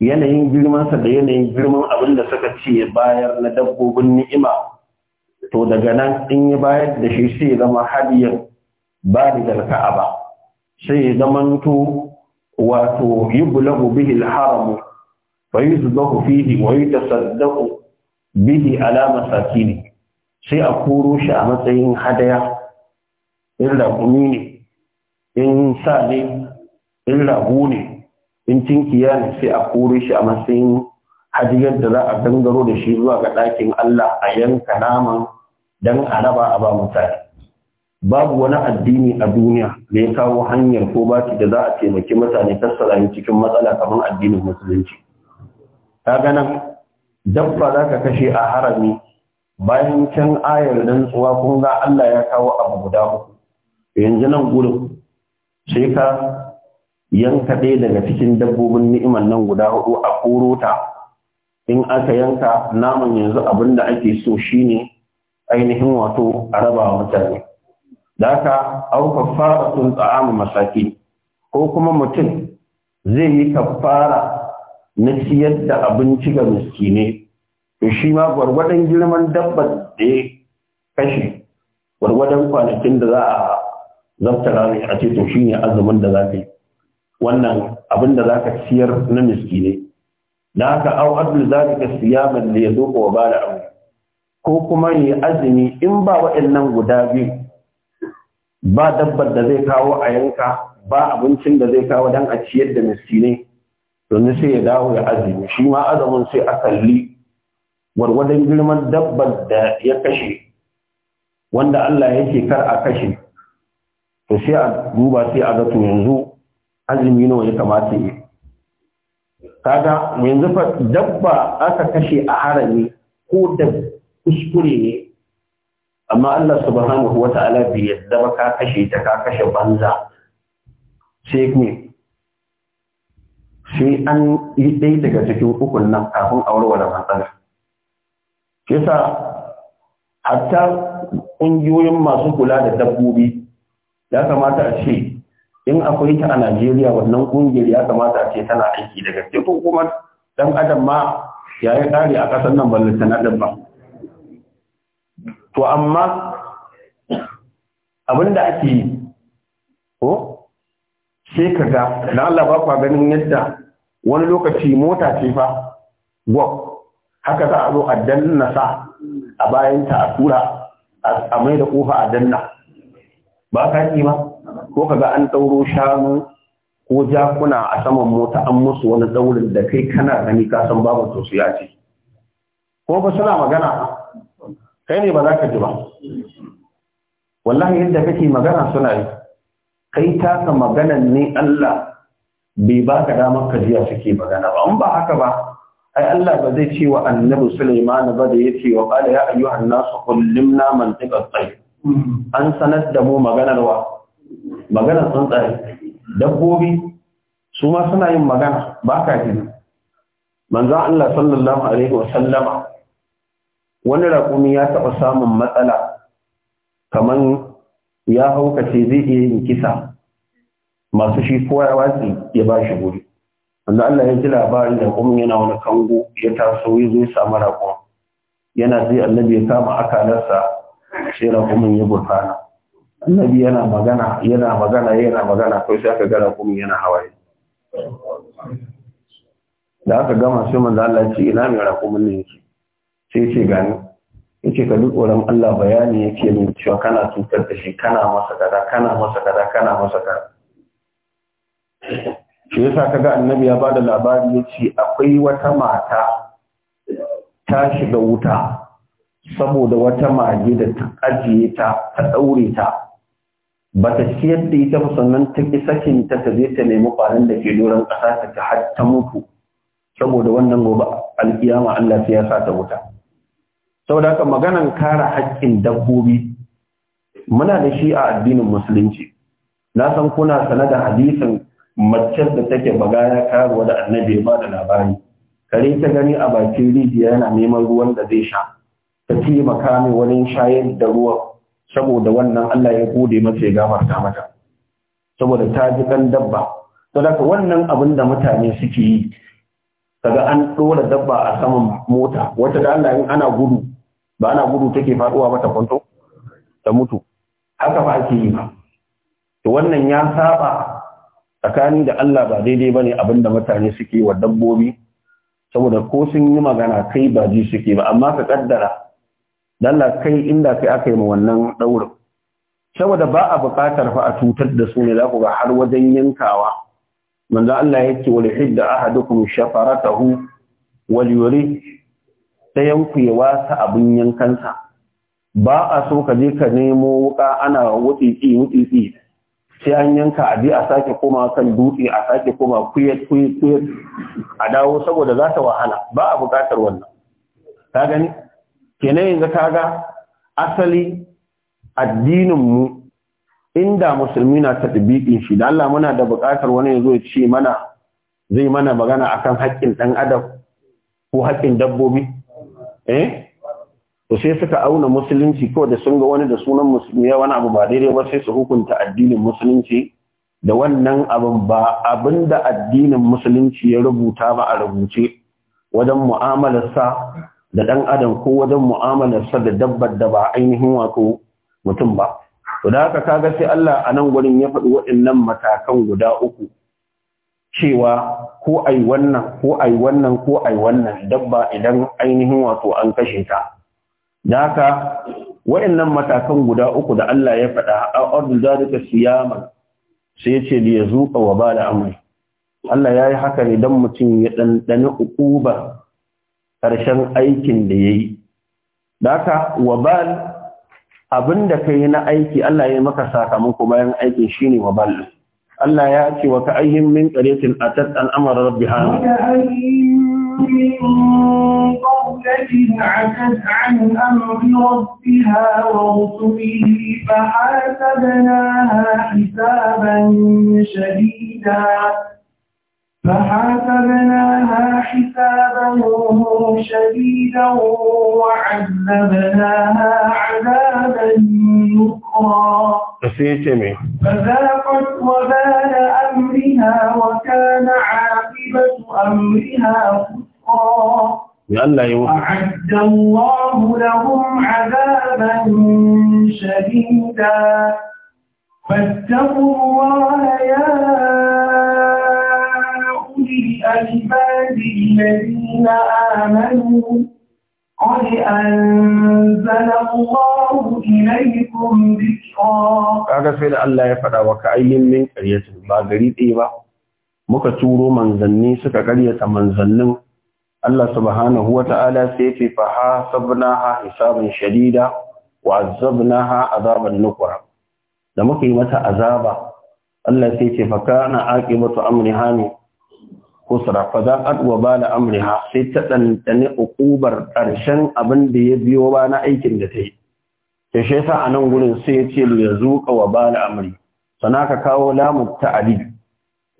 yanayin girmansa da yanayin girman abin da suka ce bayar na dabbobin ni'ima to daga nan in yi bayar da shi sai zama hadiyar ba da ka'aba sai zamanto wato yublagu bihi al-haram fa yuzbahu fihi wa tasaddaku bihi alama sakini sai a koro shi a matsayin hadaya in raƙumi ne in sa ne in ragu ne in tinkiya ne sai a koro shi a matsayin hadiyar da za a gangaro da shi zuwa ga ɗakin Allah a yanka naman don a raba a ba mutane babu wani addini a duniya da ya kawo hanyar ko baki da za a taimaki mutane kassara cikin matsala kamar addinin musulunci ta ganin dabba za ka kashe a harami bayan can ayar tsuwa, kun ga Allah ya kawo abu guda uku yanzu nan gurin sai ka yanka ɗaya daga cikin dabbobin ni'imar nan guda hudu a korota in aka yanka naman yanzu abin da ake so shine ainihin wato a raba mutane da aka auka fara sun tsa'amu masaki ko kuma mutum zai yi ka fara. na siyar da abinci ga miskine to shi ma gwargwadon girman dabba da ya kashe gwargwadon kwanakin da za a zafta ne a ce to shi ne azumin da za ka yi wannan abin da za ka siyar na miskine da haka au abdul za ka siyaman da ya zo wa ba da abu ko kuma yi azumi in ba waɗannan guda biyu ba dabbar da zai kawo a yanka ba abincin da zai kawo don a ciyar da miskinai yanzu sai ya dawo ya azumi shi ma azumin sai a kalli gwargwadon girman dabbar da ya kashe wanda Allah yake kar a kashe to sai a duba sai a ga yanzu azumi nawa ya kamata yi kaga yanzu fa dabba aka kashe a harami ko da kuskure ne amma Allah subhanahu wata'ala bai yadda ba ka kashe ta ka kashe banza sai Shi an yi ɗaya daga cikin ukun nan kafin a warware matsala shi hatta ƙungiyoyin masu kula da dabbobi ya kamata a ce in akwai ta a Najeriya wannan ƙungiyar ya kamata a ce tana aiki daga cikin kuma dan adam ma ya yi ƙari a ƙasar nan ballanta na dabba to amma abin da ake yi ko sai ka ga na Allah ba kwa ganin yadda wani lokaci mota ce fa gwab haka za a zo a danna sa a bayanta a tura a mai da kofa a danna ba ka yi ba ko kaga an ɗauro shanu ko jakuna a saman mota an musu wani daurin da kai kana gani ka san babu tosiya ce ko ba suna magana kai ne ba za ka ji ba wallahi yadda kake magana suna yi kai taka maganan ne Allah bai ba ka damar kajiya suke magana ba in ba haka ba ai Allah ba zai ce wa annabi Suleiman ba da ya yace wa ba da ya su kullum kullimna mantiqa tsayy an sanar da mu maganar wa maganar tsuntsaye dabbobi su ma suna yin magana ba ka ji manzo Allah sallallahu alaihi wa sallama wani raƙumi ya taɓa samun matsala Kamar ya haukace zai iya yin kisa masu shi kowa ya watsi ya ba shi guri wanda Allah ya ji labarin da kuma yana wani kango ya taso ya zo ya samu rako. yana zai annabi ya kama akalarsa sai raƙumin ya gurfana annabi yana magana yana magana yana magana kai sai aka ga raƙumin yana hawaye da aka gama sai manzo Allah ya ce ina mai raƙumin ne yake sai ce gani yace ka duk tsoron Allah bayani yake min cewa kana cutar da shi kana masa kaza kana masa kaza kana masa kaza shi yasa ga annabi ya bada labari ya ce akwai wata mata ta shiga wuta saboda wata mage da ta ajiye ta ta daure ta bata ciyar da ita sannan ta ki sakin ta ta je ta nemi kwanan da ke doron ƙasa ta ta har mutu saboda wannan gobe alkiyama Allah sai ya sa ta wuta saboda haka maganan kare haƙƙin dabbobi muna da shi a addinin musulunci na san kuna sana da hadisin Maccen da take bagaya karuwa da annabi ba da labari kare ta gani a bakin rijiya yana neman ruwan da zai sha ta ce makami wani shayar da ruwa saboda wannan Allah ya gode mata ya gafarta mata saboda ta ji dan dabba to daga wannan abin da mutane suke yi kaga an dora dabba a saman mota wata da Allah in ana gudu ba ana gudu take faduwa mata kwanto ta mutu haka ba ake yi ba to wannan ya saba tsakani da Allah ba daidai ba ne abinda mutane suke wa dabbobi saboda ko sun yi magana kai ba ji suke ba amma ka kaddara dalla kai inda kai aka yi ma wannan ɗaurin saboda ba a buƙatar fa a tutar da su ne za ku ga har wajen yankawa manzo Allah yake wal hidda ahadukum shafaratahu wal yuri dayan ku ya ta abin yankansa ba a so ka je ka nemo wuka ana wutsitsi wutsitsi sai an yanka a a sake koma kan dutse a sake koma kuyet kuyet kuyet a dawo saboda za ta wahala ba a buƙatar wannan ka gani kenan yanzu ka ga asali addinin mu inda musulmi na tatbiqin shi da Allah muna da bukatar wani yazo ya ce mana zai mana magana akan haƙƙin ɗan adam ko haƙƙin dabbobi eh to sai suka auna musulunci ko da sun ga wani da sunan musulmi ya wani abu ba daidai ba sai su hukunta addinin musulunci da wannan abin ba abin addinin musulunci ya rubuta ba a rubuce wajen mu'amalarsa da ɗan adam ko wajen mu'amalarsa da dabbar da ba ainihin wato mutum ba. To da haka kaga sai Allah a nan gurin ya faɗi waɗannan matakan guda uku cewa ko ai wannan ko ai wannan ko ai wannan dabba idan ainihin wato an kashe ta. da haka wa'annan matakan guda uku da Allah ya faɗa a ordin duka siyama sai ya ce li yazuqa wa bala amri Allah ya yi haka ne don mutum ya ɗanɗani ukuba ƙarshen aikin da ya yi. Daka, wabal abin da ka yi na aiki Allah ya maka sakamako bayan aikin shi ne wabal. Allah ya ce wa ka ayyin min ƙaretin a tattan amarar rabbi من قبله عتت عن أمر ربها ورسله فحاسبناها حسابا شديدا فحاسبناها حسابا شديدا وعذبناها عذابا نكرا فذاقت وبال أمرها وكان عاقبة أمرها يا الله يو أعد الله لهم عذابا شديدا فاتقوا الله يا أولي الألباب الذين آمنوا قد أنزل الله إليكم ذكرا هذا سيد الله يفعل وكأي من إيه قرية ما إيوه مكتور من turo manzanni suka karyata manzannin Allah subhanahu wa ta'ala sai ce fa hasabnaha hisaban shadida wa azabnaha azaban nukura. da muka yi mata azaba Allah sai ce fa kana aqibatu amriha ne kusra fa zaqat wa bala sai ta dandane ukubar ƙarshen abin da ya biyo ba na aikin da ta yi sai shi yasa anan gurin sai ya ce ya zuqa wa bala amri sanaka kawo lamu ta'ali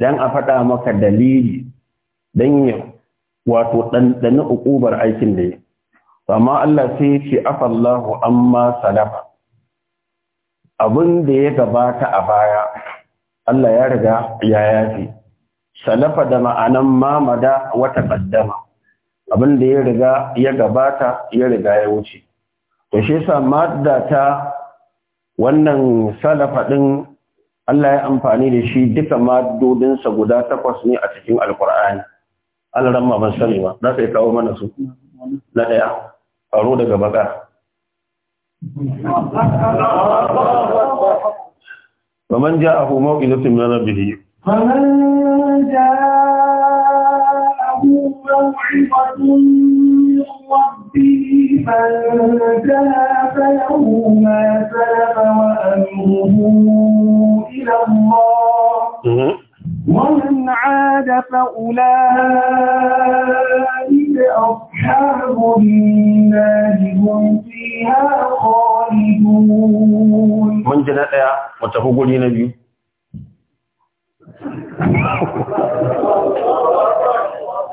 dan a faɗa maka dalili dan ya wato ɗanɗani uƙubar aikin da yi. amma Allah sai ce afallahu amma salafa abin da ya gabata a baya Allah ya riga ya yafi salafa da ma'anan mamada wata ƙaddama abin da ya riga ya gabata ya riga ya wuce to shi yasa madda ta wannan salafa din Allah ya amfani da shi duka maddodinsa guda takwas ne a cikin alkur'ani Allah ramma ban sani ba za ka yi kawo mana su na ɗaya faro daga baka faman ja'ahu mawqidatun min rabbih faman ja'ahu mawqidatun min rabbih فانتهى فله ما سلف وأمره إلى الله ومن عاد فأولئك أصحاب النار هم فيها خالدون من جنة يا متفوقون نبي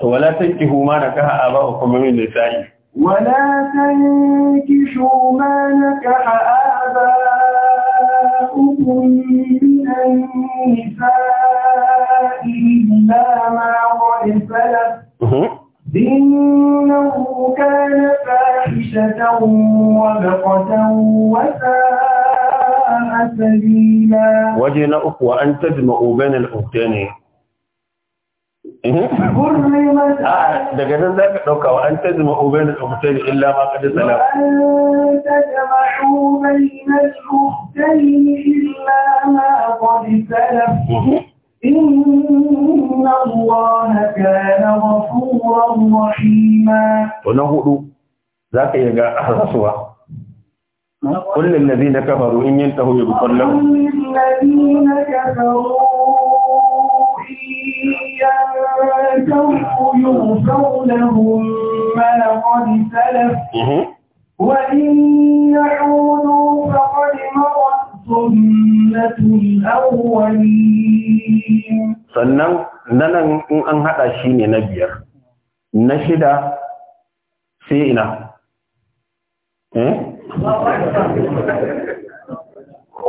ولا تنكحوا ما نكح آباؤكم من النساء ولا تنكحوا ما نكح آباؤكم من النساء إلا ما قد له إنه كان فاحشة ومقتا وساء سبيلا وجن أخوة أن تجمعوا بين الأختين حرمت daga nan وان ka بين الاختين الا ما zama ubain وان تجمعوا بين الاختين الا ما ta zama إن الله كان غفورا رحيما ونهدو ذاك يقع رسوة كل الذين كفروا إن ينتهوا يغفر لهم كل الذين كفروا ينتهوا يغفر لهم ما قد سلف وإن يعودوا فقد مرت سنة الأولين sannan nanan in an hada shi ne na biyar na shida sai ina eh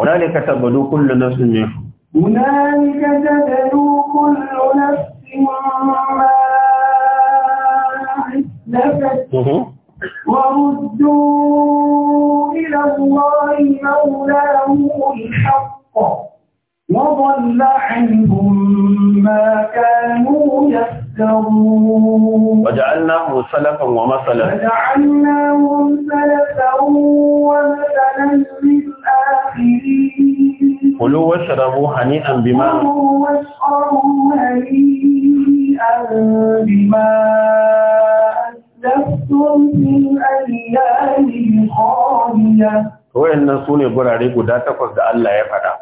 wani ka tabbadu kullu nafsi ne wani ka tabbadu kullu nafsi ma وردوا إلى الله مولاه الحق وضل عنهم ما كانوا يفترون وجعلناهم سلفا ومثلا وجعلناهم سلفا ومثلا للآخرين كلوا واشربوا هنيئا بما كلوا واشربوا هنيئا بما أسلفتم في الأيام الخالية وإن سوني قرأ لي قد تقصد الله يفعل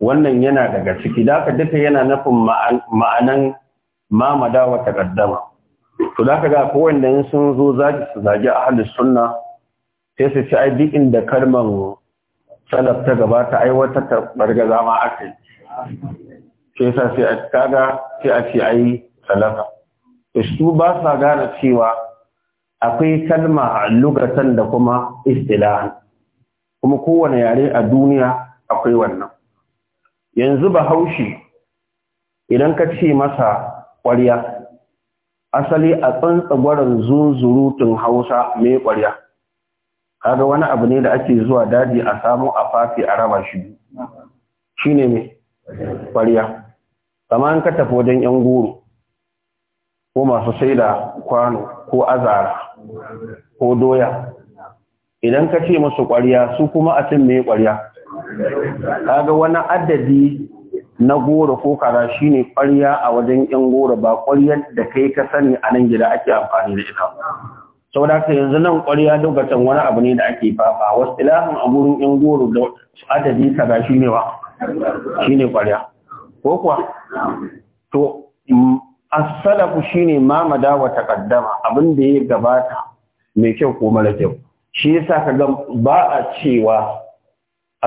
wannan yana daga ciki da ka duka yana nufin ma'anan mamada wa taqaddama to da ka ga ko wanda sun zo zaki su zagi ahli sunna sai su ci ai duk inda kalmar salaf ta gabata ai wata bargaza ma akai sai sa sai a kaga sai a ci ai salafa to su ba sa gane cewa akwai kalma lugatan da kuma istilahan kuma kowane yare a duniya akwai wannan yanzu bahaushe idan ka ce masa ƙwarya asali a tsantsagwaron zuzurutun hausa mai ƙwarya kaga wani abu ne da ake zuwa daji a samu a fafi a raba shi shi ne mai ƙwarya kama an ka tafi wajen yan goro ko masu sai da kwano ko azara ko doya idan ka ce masu ƙwarya su kuma a cin mai ƙwarya kaga wani adadi na goro ko kaza shine ƙwarya a wajen yan goro ba ƙwaryar da kai ka sani a nan gida ake amfani da ita saboda yanzu nan ƙwarya lokacin wani abu ne da ake fafa wasu ilahin a gurin yan goro da adadi kaza shine wa shine ƙwarya ko kuwa to mm, as-salafu shine ma mada wa taqaddama abin da ya gabata mai kyau ko mara kyau shi yasa kaga ba a cewa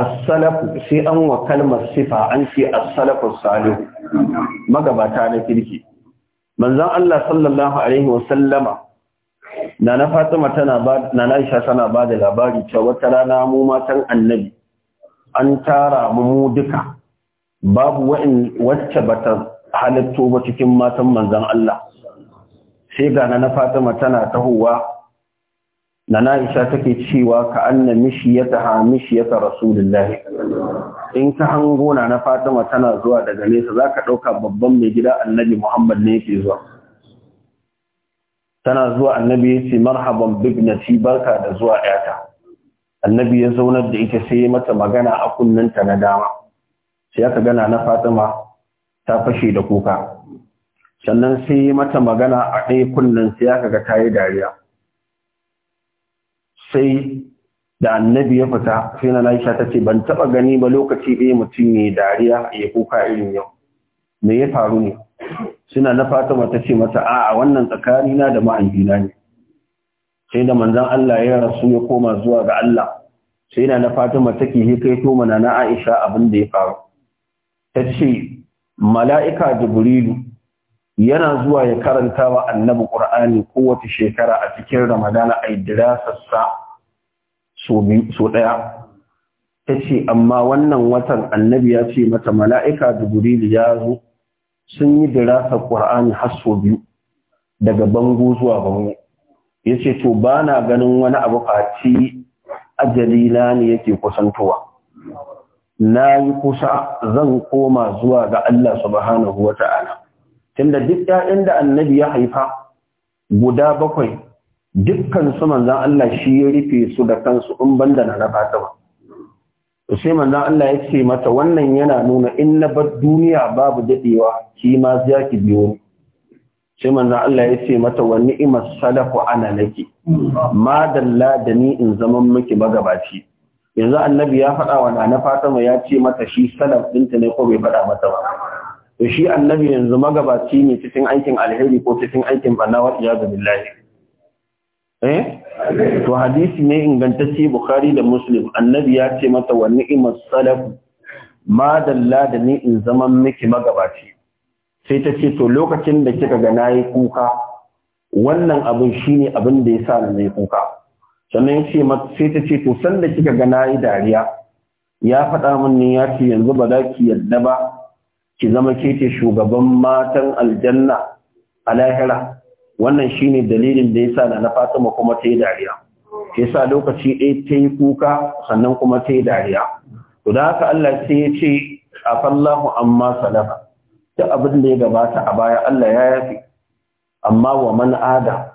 as-salafu sai an wa kalmar sifa an ce as-salafu salihu magabata na kirki manzon Allah sallallahu alaihi wasallama nana Fatima tana ba nana Aisha tana ba da labari cewa wata rana mu matan annabi an tara mu duka babu wacce bata halatto ba cikin matan manzon Allah sai ga nana Fatima tana tahowa na na'isha take cewa ka anna mishiyata ha mishiyata rasulullahi in ka hango na na fatima tana zuwa daga nesa za ka ɗauka babban mai gida annabi muhammad ne yake zuwa tana zuwa annabi ya ce marhaban bibnati barka da zuwa yata annabi ya zaunar da ita sai mata magana a kunnanta na dama sai aka gana na fatima ta fashe da kuka sannan sai mata magana a ɗaya kunnen sai aka ga ta yi dariya sai da annabi ya fita sai na Aisha ta ce ban taba gani ba lokaci ɗaya mutum ne dariya ya kuka irin yau me ya faru ne suna na Fatima ta ce mata a'a wannan tsakani na da ma'anjina ne sai da manzon Allah ya rasu ya koma zuwa ga Allah sai na na Fatima take yi kai to mana na Aisha abin da ya faru ta ce mala'ika Jibrilu yana zuwa ya karanta wa annabi ƙur'ani kowace shekara a cikin ramadana a dirasarsa so ɗaya ta ce amma wannan watan annabi ya ce mata mala'ika jibril ya zo sun yi dirasar ƙur'ani har so biyu daga bango zuwa bango ya ce to ba na ganin wani abu faci ajali na ne yake kusantowa na yi kusa zan koma zuwa ga Allah subhanahu wa ta'ala tunda duk ƴaƴan da annabi ya haifa guda bakwai dukkan su manzan Allah shi ya rufe su da kansu in banda na raba ta ba sai manzan Allah ya ce mata wannan yana nuna in na bar duniya babu dadewa ki ma za ki biyo sai manzan Allah ya ce mata wa ni'mas salafu ana nake ma dalla da ni in zaman miki magabaci yanzu annabi ya faɗa wa na Fatima ya ce mata shi salaf ɗinta ne ko bai faɗa mata ba to shi annabi yanzu magabaci ne cikin aikin alheri ko cikin aikin banna ya zabi billahi eh to hadisi ne ingantacce bukhari da muslim annabi ya ce mata wa ni'mas salaf ma dalla da ni in zaman miki magabaci sai ta ce to lokacin da kika ga nayi kuka wannan abin shine abin da yasa na mai kuka sannan ya ce sai ta ce to sanda kika ga nayi dariya ya faɗa min ne ya ce yanzu ba za ki yadda ba ki zama ke ce shugaban matan aljanna a lahira wannan shine dalilin da sa da na Fatima kuma ta yi dariya yasa lokaci ɗaya ta yi kuka sannan kuma ta yi dariya to da haka Allah sai ya ce afallahu amma salama', duk abin da ya gabata a baya Allah ya yafe, amma wa man ada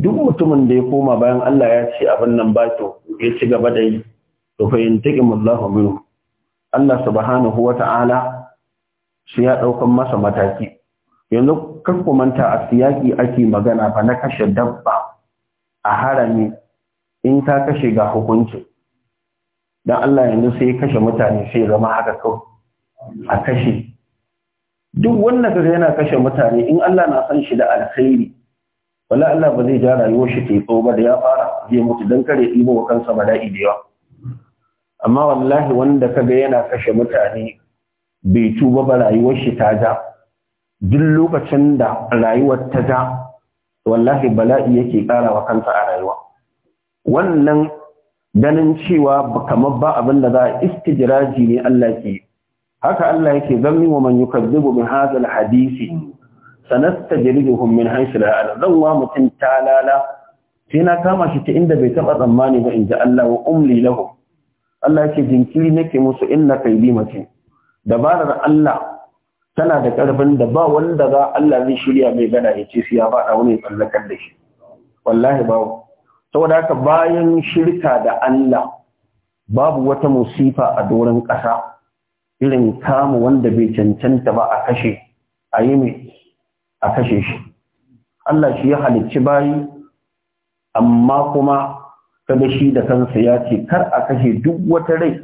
duk mutumin da ya koma bayan Allah ya ce abin nan ba to ya ci gaba da yi to fa yantaqimu minhu Allah subhanahu wata'ala Su ya ɗaukan masa mataki yanzu kan manta a siyaki ake magana fa na kashe dabba a harami in ka kashe ga hukunci Don Allah yanzu sai ya kashe mutane sai zama haka kawai a kashe duk wanda kaga yana kashe mutane in Allah na san shi da alkhairi wala Allah ba zai ja rayuwar shi ke ba da ya fara zai mutu don kare ɗibo wa kansa ba da'i da yawa amma wallahi wanda kaga yana kashe mutane bai tuba ba rayuwar shi ta ja duk lokacin da rayuwar ta ja wallahi bala'i yake ƙara wa kansa a rayuwa wannan ganin cewa kamar ba abin da za a istijiraji ne Allah ke haka Allah yake zanni wa man yukazzibu min hadha alhadisi sanastajriduhum min haythu la ya'lamun zan wa mutum talala sai na kama shi ta inda bai taba tsammani ba in ji Allah wa umli lahum Allah yake jinkiri nake musu inna kaidi matin dabarar Allah tana da ƙarfin da ba wanda za Allah zai shirya mai gana ya ce su ya faɗa wani tsallakar da shi wallahi ba saboda haka bayan shirka da Allah babu wata musifa a doron ƙasa irin kamu wanda bai cancanta ba a kashe a yi mai a kashe shi Allah shi ya halicci bayi amma kuma kada shi da kansa ya ce kar a kashe duk wata rai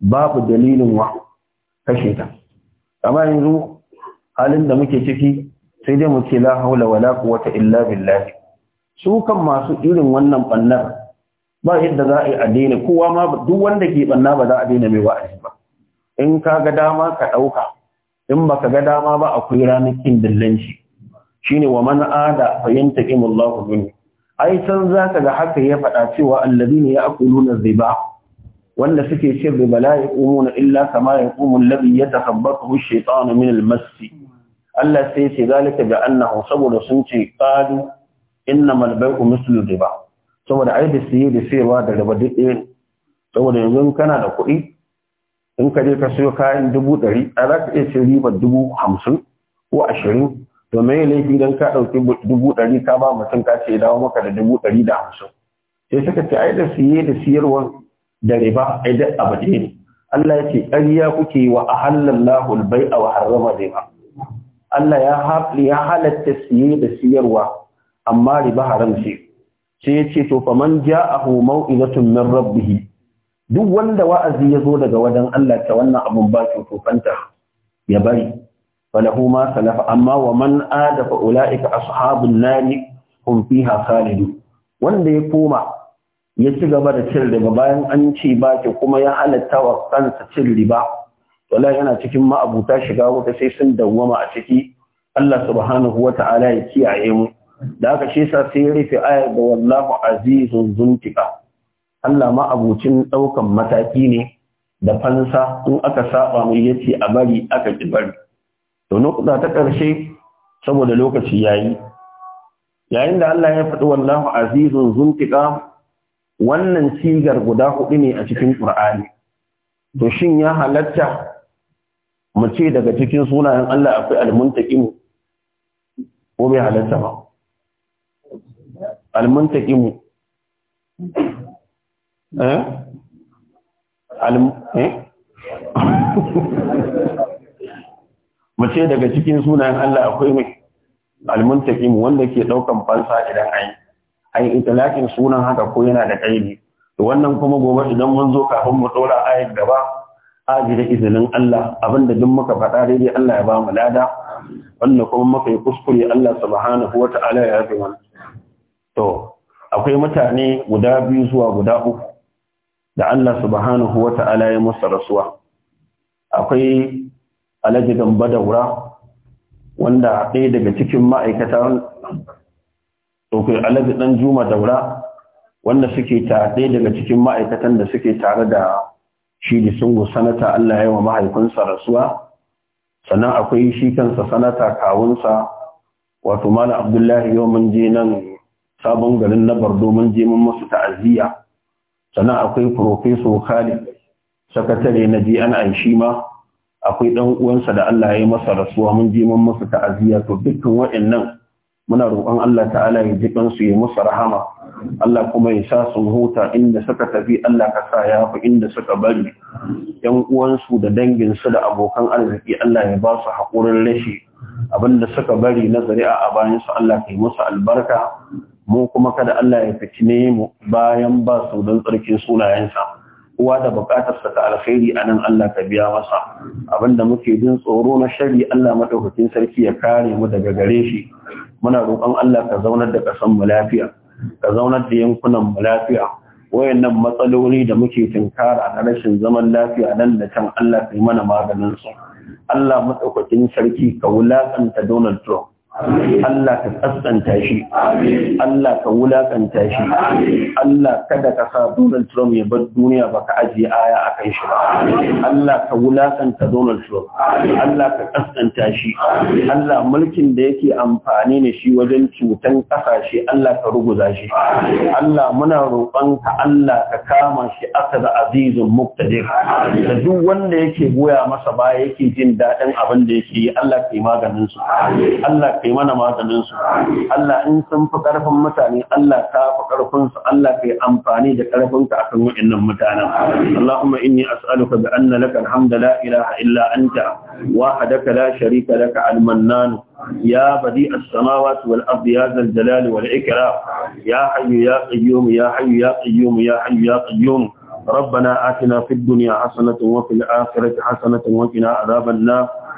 babu dalilin wa kashe ta yanzu halin da muke ciki sai dai mu ce la haula wala quwwata illa billah su kan masu irin wannan bannar ba yadda za a yi kowa ma duk wanda ke banna ba za a daina mai wa'azi ba in ka ga dama ka ɗauka in baka ga dama ba akwai ranakin dillanci shine wa man ada fayanta qimullahu minhu ai san zaka ga haka ya faɗa cewa alladhina ya'kuluna riba wanda suke cin riba la na illa kama yaqumu alladhi yatakhabbathu ash-shaytanu min al-mass Allah sai ce zalika bi annahu saboda sun ce qalu innamal bai'u mislu riba saboda ai da siye da sayarwa da riba duk ɗaya saboda yanzu kana da kuɗi in ka je ka siyo kayan dubu ɗari a za ka iya cin riba dubu hamsin ko ashirin domin ya laifi don ka ɗauki dubu ɗari ka ba mutum ka ce dawo maka da dubu ɗari da hamsin sai suka ce ai da siye da siyarwa da riba ai duk ne Allah ya ce ƙarya kuke wa ahallallahu albai'a wa harrama riba Allah ya haɓli ya halatta siye da siyarwa amma riba haram ce sai ya ce to faman ja'ahu mau'izatun min rabbih duk wanda wa'azi ya zo daga wajen Allah ta wannan abun ba ki tofanta ya bari falahu ma salafa amma wa man ada ulaika ashabun nari hum fiha khalidu wanda ya koma ya ci gaba da cin riba bayan an ci baki kuma ya halatta wa kansa cin riba wallahi yana cikin ma'abuta shiga wata sai sun dawwama a ciki Allah subhanahu wa ta'ala ya kiyaye mu da haka shi yasa sai ya rufe ayar da wallahu azizun zuntika Allah ma'abucin daukan mataki ne da fansa in aka saba mu yace a bari aka ki bari to nukuda ta karshe saboda lokaci yayi yayin da Allah ya faɗi wallahu azizun zuntika wannan sigar guda hudu ne a cikin ƙur'ani to shin ya halatta mu ce daga cikin sunayen Allah akwai al mu? ko bai halatta ba al mu? eh al eh mu ce daga cikin sunayen Allah akwai mai al mu, wanda ke daukan fansa idan ai yi ai itlaqin sunan haka ko yana da kaidi to wannan kuma gobe idan mun zo kafin mu dora ayat gaba aji da izinin Allah abinda duk muka faɗa daidai Allah ya ba mu lada wannan kuma muka yi kuskure Allah subhanahu wata'ala ya yi mana to akwai mutane guda biyu zuwa guda uku da Allah subhanahu wata'ala ya musu rasuwa akwai alajidan badawra wanda ɗaya daga cikin ma'aikatan to kai ɗan dan juma daura wanda suke tare daga cikin ma'aikatan da suke tare da shi da sungu sanata Allah ya yi wa mahaifinsa rasuwa sannan akwai shi kansa sanata kawunsa wato mala abdullahi yau mun je nan sabon garin na bardo mun je mun musu ta'aziyya sannan akwai profeso khalid sakatare na je ana shi ma akwai dan uwansa da Allah ya yi masa rasuwa mun je mun musu ta'aziyya to dukkan waɗannan muna roƙon Allah ta'ala ya ji su ya musu rahama Allah kuma ya sa sun huta inda suka tafi Allah ka sa ya fi inda suka bari yan uwansu da danginsu da abokan arziki Allah ya ba su haƙurin rashi abinda suka bari na zari'a a bayan su Allah ka yi musu albarka mu kuma kada Allah ya fitine mu bayan ba su don tsarkin sunayensa kowa da bukatarsa ta alkhairi a nan Allah ka biya masa abinda muke jin tsoro na shari Allah madaukakin sarki ya kare mu daga gare shi muna roƙon Allah ka zaunar da ƙasar mu lafiya ka zaunar da yankunan mu lafiya wayannan matsaloli da muke tinkara na rashin zaman lafiya nan da can Allah ka yi mana maganin su Allah madaukakin sarki ka wulaƙanta Donald Trump Allah ka tsatsanta shi, Allah ka wulakanta shi, Allah kada ka sa Donald Trump ya bar duniya ba ka ajiye aya a kan shi ba. Allah ka wulakanta Donald Trump, Allah ka tsatsanta shi, Allah mulkin da yake amfani da shi wajen cutan ƙasashe Allah ka ruguza shi. Allah muna roƙonka Allah ka kama shi aka da azizun muktadir. Da duk wanda yake goya masa baya yake jin daɗin abin da yake yi Allah ka yi maganin su. Allah Allah kai mana maganin su Allah in sun fi ƙarfin mutane Allah ta fi ƙarfinsu, Allah kai amfani da karfin ka akan waɗannan mutanen Allahumma inni as'aluka bi anna laka la ilaha illa anta wahdaka la sharika laka al-mannan ya badi as-samawati wal ardi ya zal jalali wal ikram ya hayyu ya qayyum ya hayyu ya qayyum ya hayyu ya qayyum ربنا آتنا في الدنيا حسنة وفي الآخرة حسنة وقنا عذاب النار